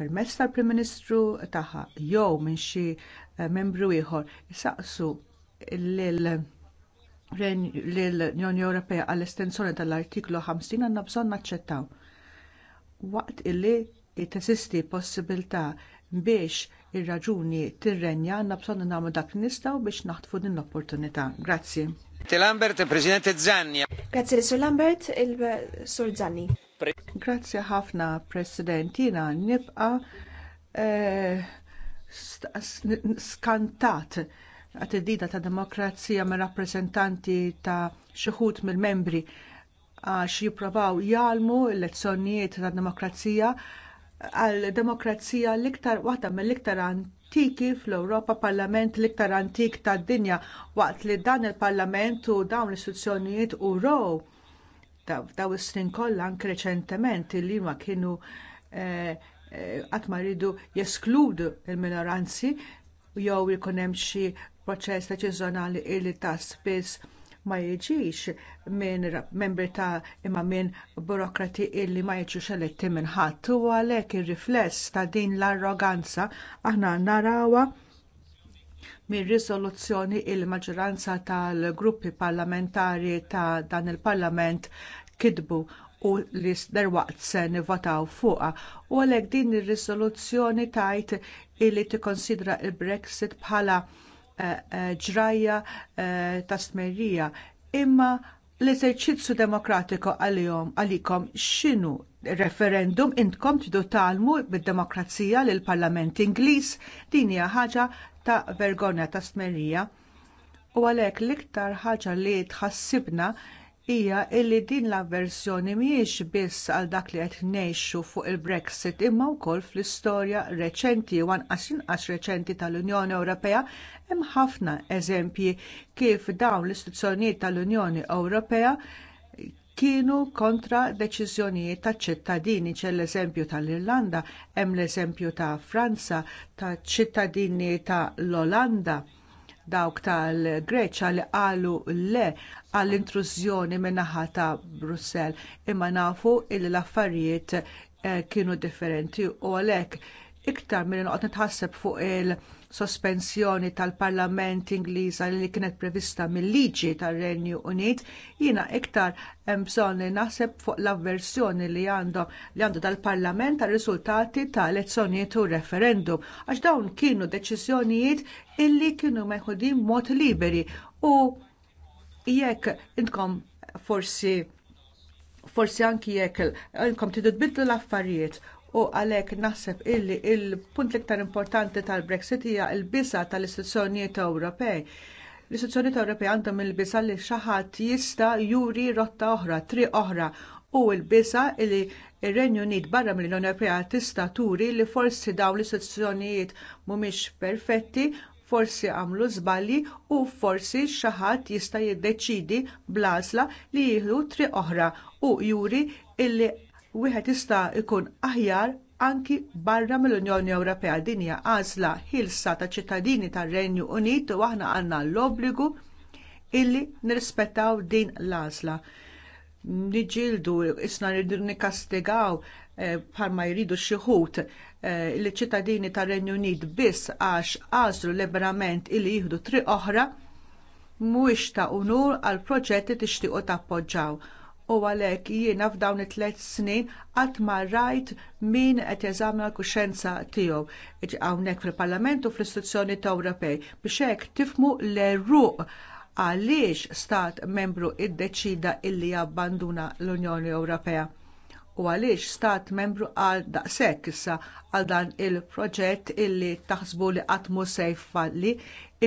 permezz tal-Prim Ministru tagħha jew minn xi eh, membru ieħor isaqsu lill-Unjoni Ewropea għall-estensjoni tal-artiklu 50 għandna bżonn naċċettaw waqt illi tesisti possibilità biex ir-raġuni tirrenja għandna bżonn nagħmlu dak li nistgħu biex naħtfu din l-opportunità. Grazzi. Lambert, President Zanni. Grazzi Sir sur Lambert, il-Sur Zanni. Grazzi ħafna, President. nibqa eh, skantat għat-dida ta' demokrazija me' rappresentanti ta' xuħut mill-membri għax jipprovaw jgħalmu l-lezzjonijiet tad demokrazija għal demokrazija l-iktar waħda mill-iktar antiki fl-Ewropa parlament l-iktar antik tad-dinja waqt li dan il-parlament u dawn l-istituzzjonijiet u row daw is-snin kollha anke reċentement li ma kienu qatt eh, eh, ma rridu jeskludu l minoranzi jew ikun hemm xi proċess deċiżjonali li ta' spiss ma jiġix minn membri ta' imma minn burokrati illi ma jiġux eletti minn ħadd. U għalhekk ir-rifless ta' din l-arroganza aħna narawha mir riżoluzzjoni l maġġoranza tal-gruppi parlamentari ta' dan il-Parlament kitbu u li derwaqt se nivvotaw fuqha. U għalhekk din ir-riżoluzzjoni tgħid illi tikkonsidra l il brexit bħala Eh, eh, ġrajja eh, ta' smerija. Imma l-eżerċizzju demokratiku għalihom għalikom x'inhu referendum intkom tridu talmu bid-demokrazija lill parlament Ingliż din hija ħaġa ta' vergogna ta' smerija. U għalhekk l-iktar ħaġa li tħassibna hija li din l-avversjoni mhijiex biss għal dak li qed ngħixu fuq il-Brexit imma wkoll fl-istorja reċenti u anqas inqas reċenti tal-Unjoni Ewropea hemm ħafna eżempji kif dawn l-istituzzjonijiet tal-Unjoni Ewropea kienu kontra deċiżjonijiet taċ ċittadini ċe l-eżempju tal-Irlanda, hemm l-eżempju ta' Franza, taċ ċittadini tal-Olanda dawk tal-Greċa li qalu le għall-intrużjoni min-naħa ta' Brussell imma nafu li l-affarijiet eh, kienu differenti u għalhekk iktar milli noqgħod nitħasseb fuq il-sospensjoni tal-Parlament Ingliża li kienet prevista mill-liġi tar-Renju Unit, jiena iktar hemm bżonn li naħseb fuq l-avversjoni li għandhom li għandu dal parlament tar-riżultati ta' elezzjonijiet u referendum għax dawn kienu deċiżjonijiet illi kienu meħudin mod liberi u jekk intkom forsi forsi anki jekk inkom tidu tbiddu l-affarijiet u għalhekk naħseb illi l il punt l-iktar importanti tal-Brexit hija l-bisa tal-istituzzjonijiet Ewropej. L-istituzzjonijiet Ewropej għandhom il-bisa li xi ħadd jista' juri rotta oħra, triq oħra u l-bisa li r renju Unit barra mill-Unjoni Ewropea tista' turi li forsi dawn l-istituzzjonijiet mhumiex perfetti, forsi għamlu żbalji u forsi xi ħadd jista' jiddeċiedi bl-għażla li jieħdu triq oħra u juri illi wieħed jista' jkun aħjar anki barra mill-Unjoni Ewropea din hija għażla ħilsa ta' ċittadini tar-Renju Unit u aħna għandna l-obbligu illi nirrispettaw din l-għażla. Niġildu, isna nikkastigaw eh, bħalma jridu xi wħud eh, li ċittadini tar-Renju Unit biss għax għażlu liberament illi jieħdu triq oħra mhuwiex ta' unur għall proġetti li tixtiequ tappoġġjaw u għalhekk jiena f'dawn it-tliet snin qatt ma rajt min qed jeżamna l-kuxenza tiegħu. Hawnhekk fil-Parlament u fl-istituzzjoni Ewropej biex hekk tifmu l-eruq għaliex stat membru iddeċida illi jabbanduna l-Unjoni Ewropea u għaliex stat membru għal daqshekk issa għal dan il-proġett illi taħsbu li qatt mhu se jfalli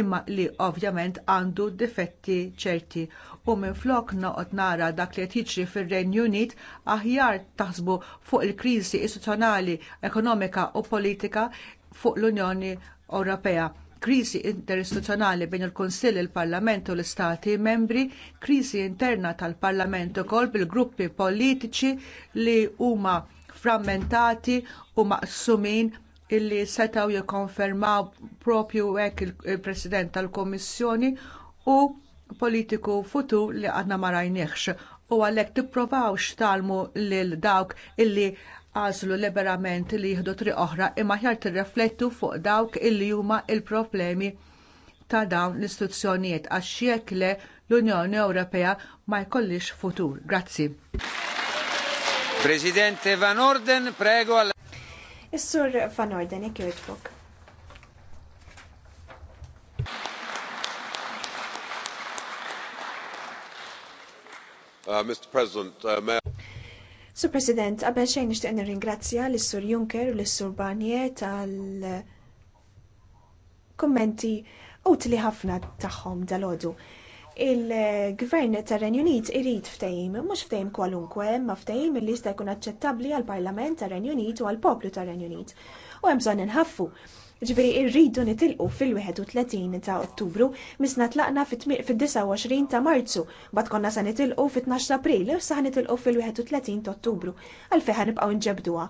imma li ovvjament għandu difetti ċerti. U minflok noqgħod nara dak li qed jiġri fir-Renju Unit aħjar taħsbu fuq il-kriżi istituzzjonali, ekonomika u politika fuq l-Unjoni Ewropea kriżi interistituzzjonali bejn il-Kunsill, il-Parlament u l-Istati membri, kriżi interna tal-Parlament ukoll bil-gruppi politiċi li huma frammentati u maqsumin illi setaw jikkonfermaw propju hekk il-President tal kummissjoni u politiku futur li għadna ma rajnieħx u għalhekk tipprovaw xtalmu lil dawk illi għażlu liberament li jieħdu triq oħra imma ħjar tirreflettu fuq dawk illi huma l il problemi ta' dawn l-istituzzjonijiet għax jekk le l-Unjoni Ewropea ma jkollix futur. Grazzi. Presidente Van Orden, prego Is-sur Van Orden ikirtfok. Uh, Mr. President, uh, may Sur President, qabel xejn nixtieq nirringrazzja lis sur Juncker u lis sur Barnier tal kummenti utli ħafna tagħhom dalodu il-gvern tar-Renju Unit irid ftehim, mhux ftehim kwalunkwe, ma ftehim li jista' jkun aċċettabbli għall-Parlament tar-Renju Unit u għall-poplu tar-Renju Unit. U hemm bżonn inħaffu. Ġifieri rridu nitilqu fil-31 ta' Ottubru, misna tlaqna fit-29 ta' Marzu, bad konna sa nitilqu fit-12 April, u sa nitilqu fil-31 ta' Ottubru, għalfejn ħanibqgħu nġebduha.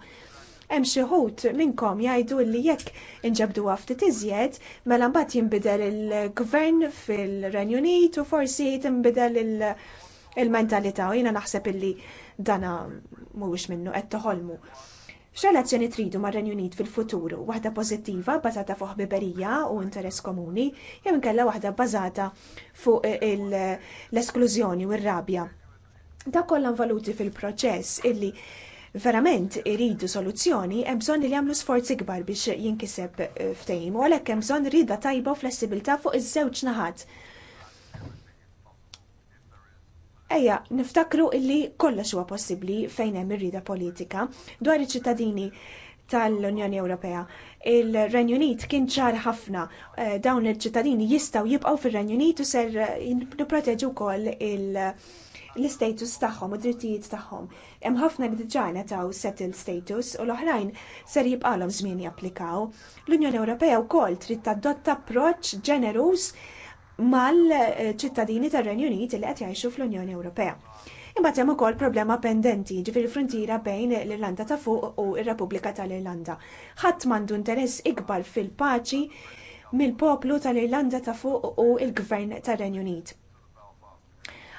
Hemm xi ħut minnkom jgħidu li jekk inġabdu ftit iżjed, mela mbagħad jinbidel il-gvern fil-Renju Unit u forsi tinbidel il-mentalità u jiena naħseb illi dana mhuwiex minnu qed toħolmu. X'relazzjoni tridu mar-Renju Unit fil-futuru? Waħda pożittiva bbażata fuq ħbiberija u interess komuni, jew inkella waħda bbażata fuq l-esklużjoni u r-rabja. Dak kollha valuti fil-proċess illi verament iridu soluzzjoni, hemm bżonn li jagħmlu sforzi kbar biex jinkiseb eh, ftehim u għalhekk hemm bżonn rida tajba u flessibilità fuq iż-żewġ naħat. Ejja, niftakru illi kollox huwa possibbli fejn hemm irrida politika dwar iċ-ċittadini tal-Unjoni Ewropea. Il-Renju Unit kien ċar ħafna eh, dawn il-ċittadini jistgħu jibqgħu fir-Renju Unit u ser eh, jinproteġu wkoll il- l-istatus tagħhom u drittijiet tagħhom. Hemm ħafna li diġà taw settled status u l-oħrajn ser jibqalhom żmien japplikaw. L-Unjoni Ewropea wkoll trid tadotta approċċ ġenerus mal-ċittadini tar-Renju Unit li qed jgħixu fl-Unjoni Ewropea. Imma hemm ukoll problema pendenti, ġifieri frontiera bejn l-Irlanda ta' fuq u r-Repubblika tal-Irlanda. Ħadd m'għandu interess ikbar fil-paċi mill-poplu tal-Irlanda ta' fuq u l-Gvern tar-Renju Unit.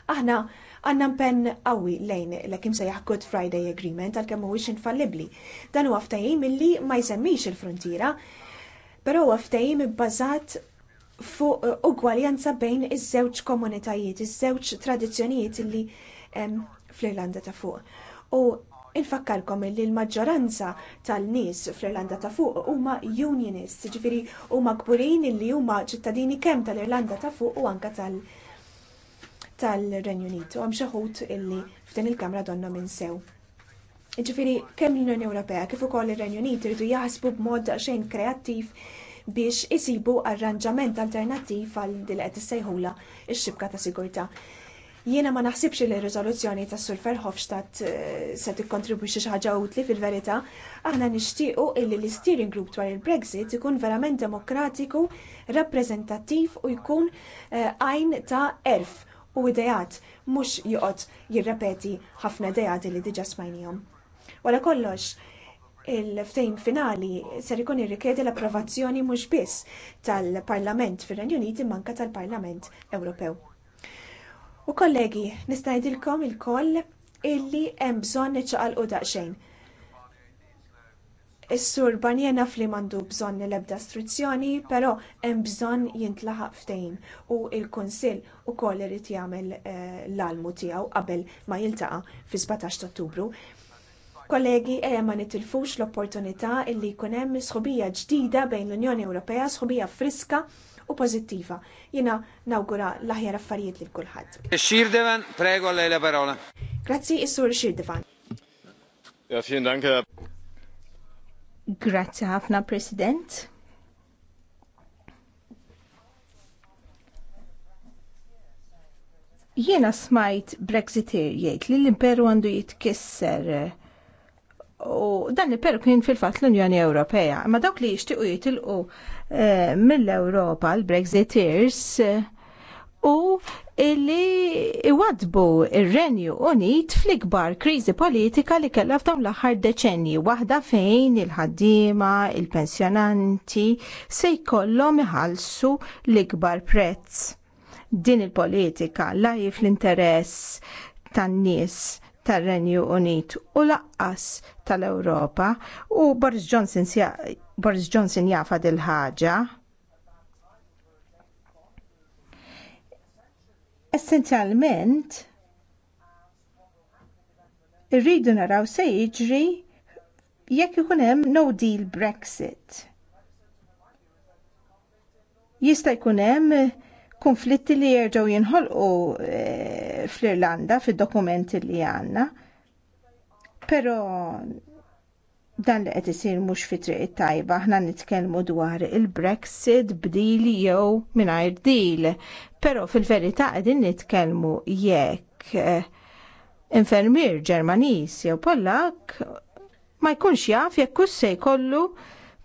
Aħna għanna mpenn qawwi lejn l kim sejjaħ Good Friday Agreement għalkemm mhuwiex infallibli. Dan huwa għaftajim illi ma jsemmix il frontira però huwa ftehim bbażat fuq ugwaljanza bejn iż-żewġ komunitajiet, iż-żewġ tradizzjonijiet illi fl-Irlanda ta' fuq. U infakkarkom li l-maġġoranza tal-nies fl-Irlanda ta' fuq huma unionist, ġifiri huma kburin illi huma ċittadini kemm tal-Irlanda ta' fuq u anke tal-Irlanda tal-Renju Unit u hemm xi illi f'din il-Kamra donna minn sew. kemm l-Unjoni Ewropea kif ukoll ir-Renju Unit iridu jaħsbu b'mod xejn kreattiv biex isibu arranġament alternattiv għal qed issejħula x-xibka ta' sigurtà. Jiena ma naħsibx li r-riżoluzzjoni tas Sur Verhofstadt eh, se tikkontribwixxi xi ħaġa utli fil-verità, aħna nixtiequ illi l-steering group dwar il-Brexit ikun verament demokratiku, rappreżentattiv u jkun eh, għajn ta' erf u idejat mhux joqgħod jirrepeti ħafna idejati li diġà smajniehom. Wara kollox, il-ftejn finali ser ikun irrikjedi l-approvazzjoni mhux biss tal-Parlament fir-Renju Unit manka tal-Parlament Ewropew. U kollegi, nista' ngħidilkom ilkoll illi hemm bżonn niċċaqalqu daqsxejn Is-sur Barnier fli m'għandu mandu bżonn l-ebda struzzjoni, però hemm bżonn jintlaħaq ftehim u l-Kunsill ukoll irid jagħmel eh, l-almu tiegħu qabel ma jiltaqa' fi 17 Ottubru. Kollegi, eja ma nitilfux l-opportunità illi jkun hemm sħubija ġdida bejn l-Unjoni Ewropea, sħubija friska u pożittiva. Jiena nawgura l-aħjar affarijiet lil kulħadd. Xirdevan, prego lei la parola. Grazzi, is-sur Xirdevan. Ja, vielen Dank, Grazzi ħafna, President. Jiena smajt Brexiteer jgħid li l-imperu għandu jitkisser u dan l-imperu kien fil-fat l-Unjoni Ewropea. Ma dawk li jixtiequ jitilqu eh, mill-Ewropa l-Brexiteers u li iwadbu il renju Unit fl-ikbar kriżi politika li kellha f'dawn l-aħħar deċenji, waħda fejn il-ħaddiema, il-pensjonanti se jkollhom iħallsu l-ikbar prezz. Din il-politika lajf l-interess tan-nies tar-Renju Unit u laqqas tal-Ewropa u Boris Johnson, Boris Johnson jafa dil-ħaġa essenzjalment irridu naraw se jiġri jekk ikun hemm no deal Brexit. Jista' jkun hemm konflitti li jerġgħu jinħolqu eh, fl-Irlanda fid-dokumenti li għandna. Però dan li qed isir mhux fi triq it-tajba aħna nitkellmu dwar il-Brexit bdil jew mingħajr dil. Però fil-verità qegħdin nitkellmu jekk eh, infermier Ġermaniż jew Pollak ma jkunx jaf jekk se jkollu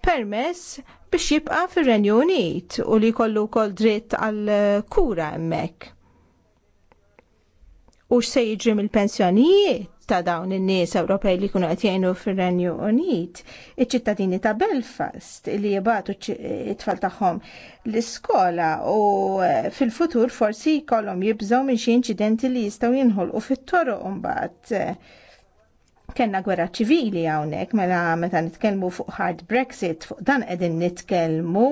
permess biex jibqa' fir-Renju Unit u li jkollu wkoll dritt għal eh, kura hemmhekk. U x'se jiġri mill-pensjonijiet? ta' dawn in-nies Ewropej li jkunu qed jgħinu fir-Renju Unit, iċ-ċittadini ta' Belfast li jibatu eh, it-tfal tagħhom l-iskola u eh, fil-futur forsi jkollhom jibżgħu minn xi inċidenti li jistgħu jinħolqu fit-toroq mbagħad. Kenna gwerra ċivili hawnhekk mela meta nitkellmu fuq hard Brexit fuq dan qegħdin nitkellmu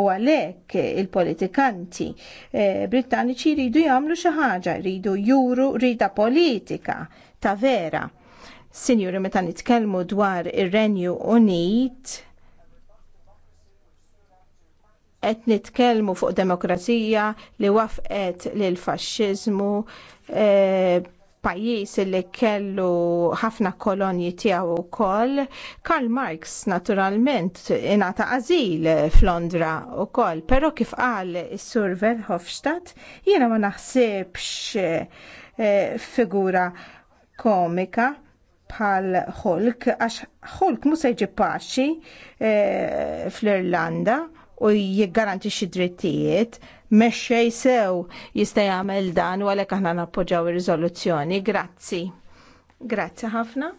u għalhekk il-politikanti eh, Brittaniċi jridu jagħmlu xi ħaġa, jridu juru rida politika ta' vera. Sinjuri, meta nitkellmu dwar ir-Renju Unit, qed nitkellmu fuq demokrazija li wafqet lil faxxiżmu e, pajjiż li kellu ħafna kolonji tiegħu wkoll. Karl Marx naturalment ingħata għażil f'Londra wkoll, però kif qal is-Sur Verhofstadt jiena ma naħsibx e, figura komika bħal Hulk, għax Hulk mu se paċi e, fl-Irlanda u xi drittijiet, mexxej sew jista' jagħmel dan u għalhekk aħna nappoġġaw ir-riżoluzzjoni. Grazzi. Grazzi ħafna.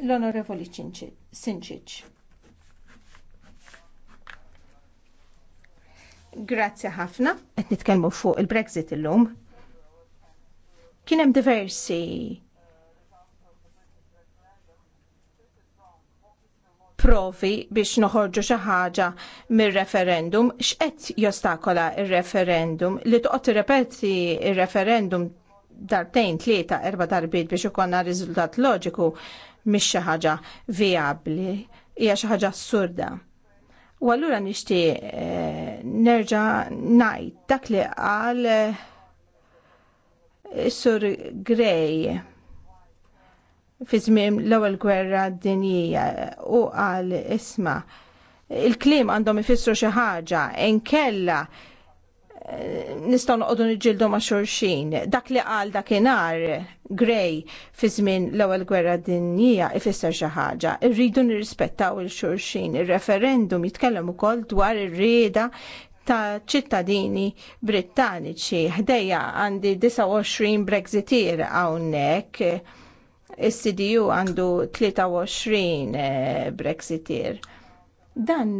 L-Onorevoli Sinċiċ. Grazzi ħafna, qed nitkellmu fuq il-Brexit illum. Kien hemm diversi provi biex noħorġu xi ħaġa mir-referendum, x'qed jostakola ir-referendum li toqgħod tirrepeti ir-referendum darbtejn tlieta erba' darbiet biex ikonna riżultat loġiku mhix xi ħaġa vijabbli, hija xi ħaġa assurda. U allura nixtieq eh, nerġa' ngħid dak li qal eh, Sur Grey fi żmien l-ewwel gwerra dinjija u qal isma' il-kliem għandhom ifissru xi ħaġa inkella eh, nistgħu noqogħdu niġġieldu ma' xulxin. Dak li qal dakinhar Gray fi żmien l-ewwel gwerra dinjija ifisser xi ħaġa. Irridu nirrispettaw il-xulxin. Ir-referendum jitkellem ukoll dwar ir-rieda ta' ċittadini brittaniċi. Ħdejja għandi 29 Brexiteer hawnhekk, is-CDU għandu 23 eh, Brexiteer. Dan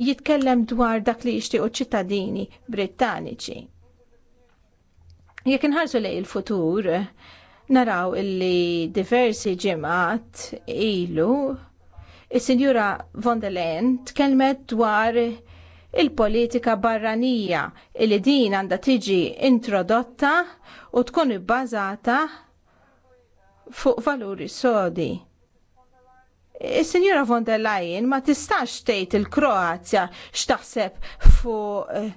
jitkellem dwar dak li jixtiequ ċittadini brittaniċi. Jekk inħarsu lejn il-futur, naraw illi diversi ġimgħat ilu is-Sinjura von der Leyen tkellmet dwar il-politika barranija li din għandha tiġi introdotta u tkun ibbażata fuq valuri sodi. Is-Sinjura von der Leyen ma tistax tgħid il-Kroazja x'taħseb fuq eh,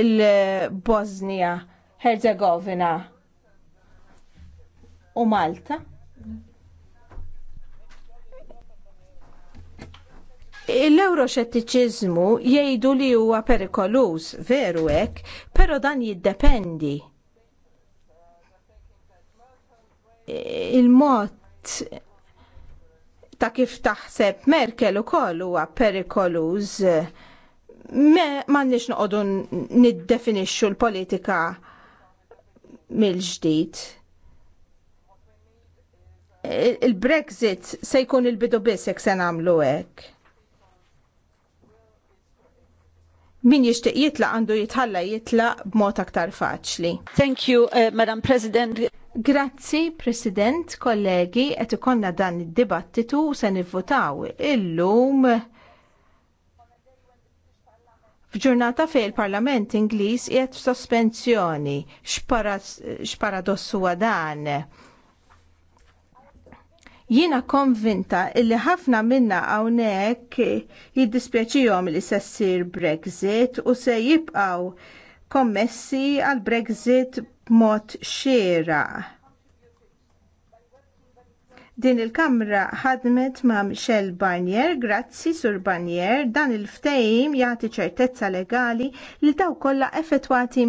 il-Bosnia, Herzegovina u Malta. L-euroxettiċiżmu jgħidu li huwa perikolus, veru hekk, però dan jiddependi. Il-mod ta' kif taħseb Merkel ukoll huwa perikolus m'għandniex noqogħdu niddefinixxu l-politika mill-ġdid il-Brexit se jkun il-bidu biss jekk se nagħmlu hekk. min jixtieq jitlaq għandu jitħalla jitla b'mod aktar faċli. Thank you, uh, Madam President. Grazzi, President, kollegi, qed ikonna dan id-dibattitu u se nivvotaw illum f'ġurnata fejn il-Parlament Ingliż qiegħed f'sospensjoni. X'paradossu dan? Jiena konvinta illi ħafna minna hawnhekk jiddispjaċihom li se ssir Brexit u se jibqgħu kommessi għal Brexit mod xiera. Din il-kamra ħadmet ma' Michel Barnier, grazzi sur Barnier, dan il-ftejim jagħti ċertezza legali li daw kollha effettwati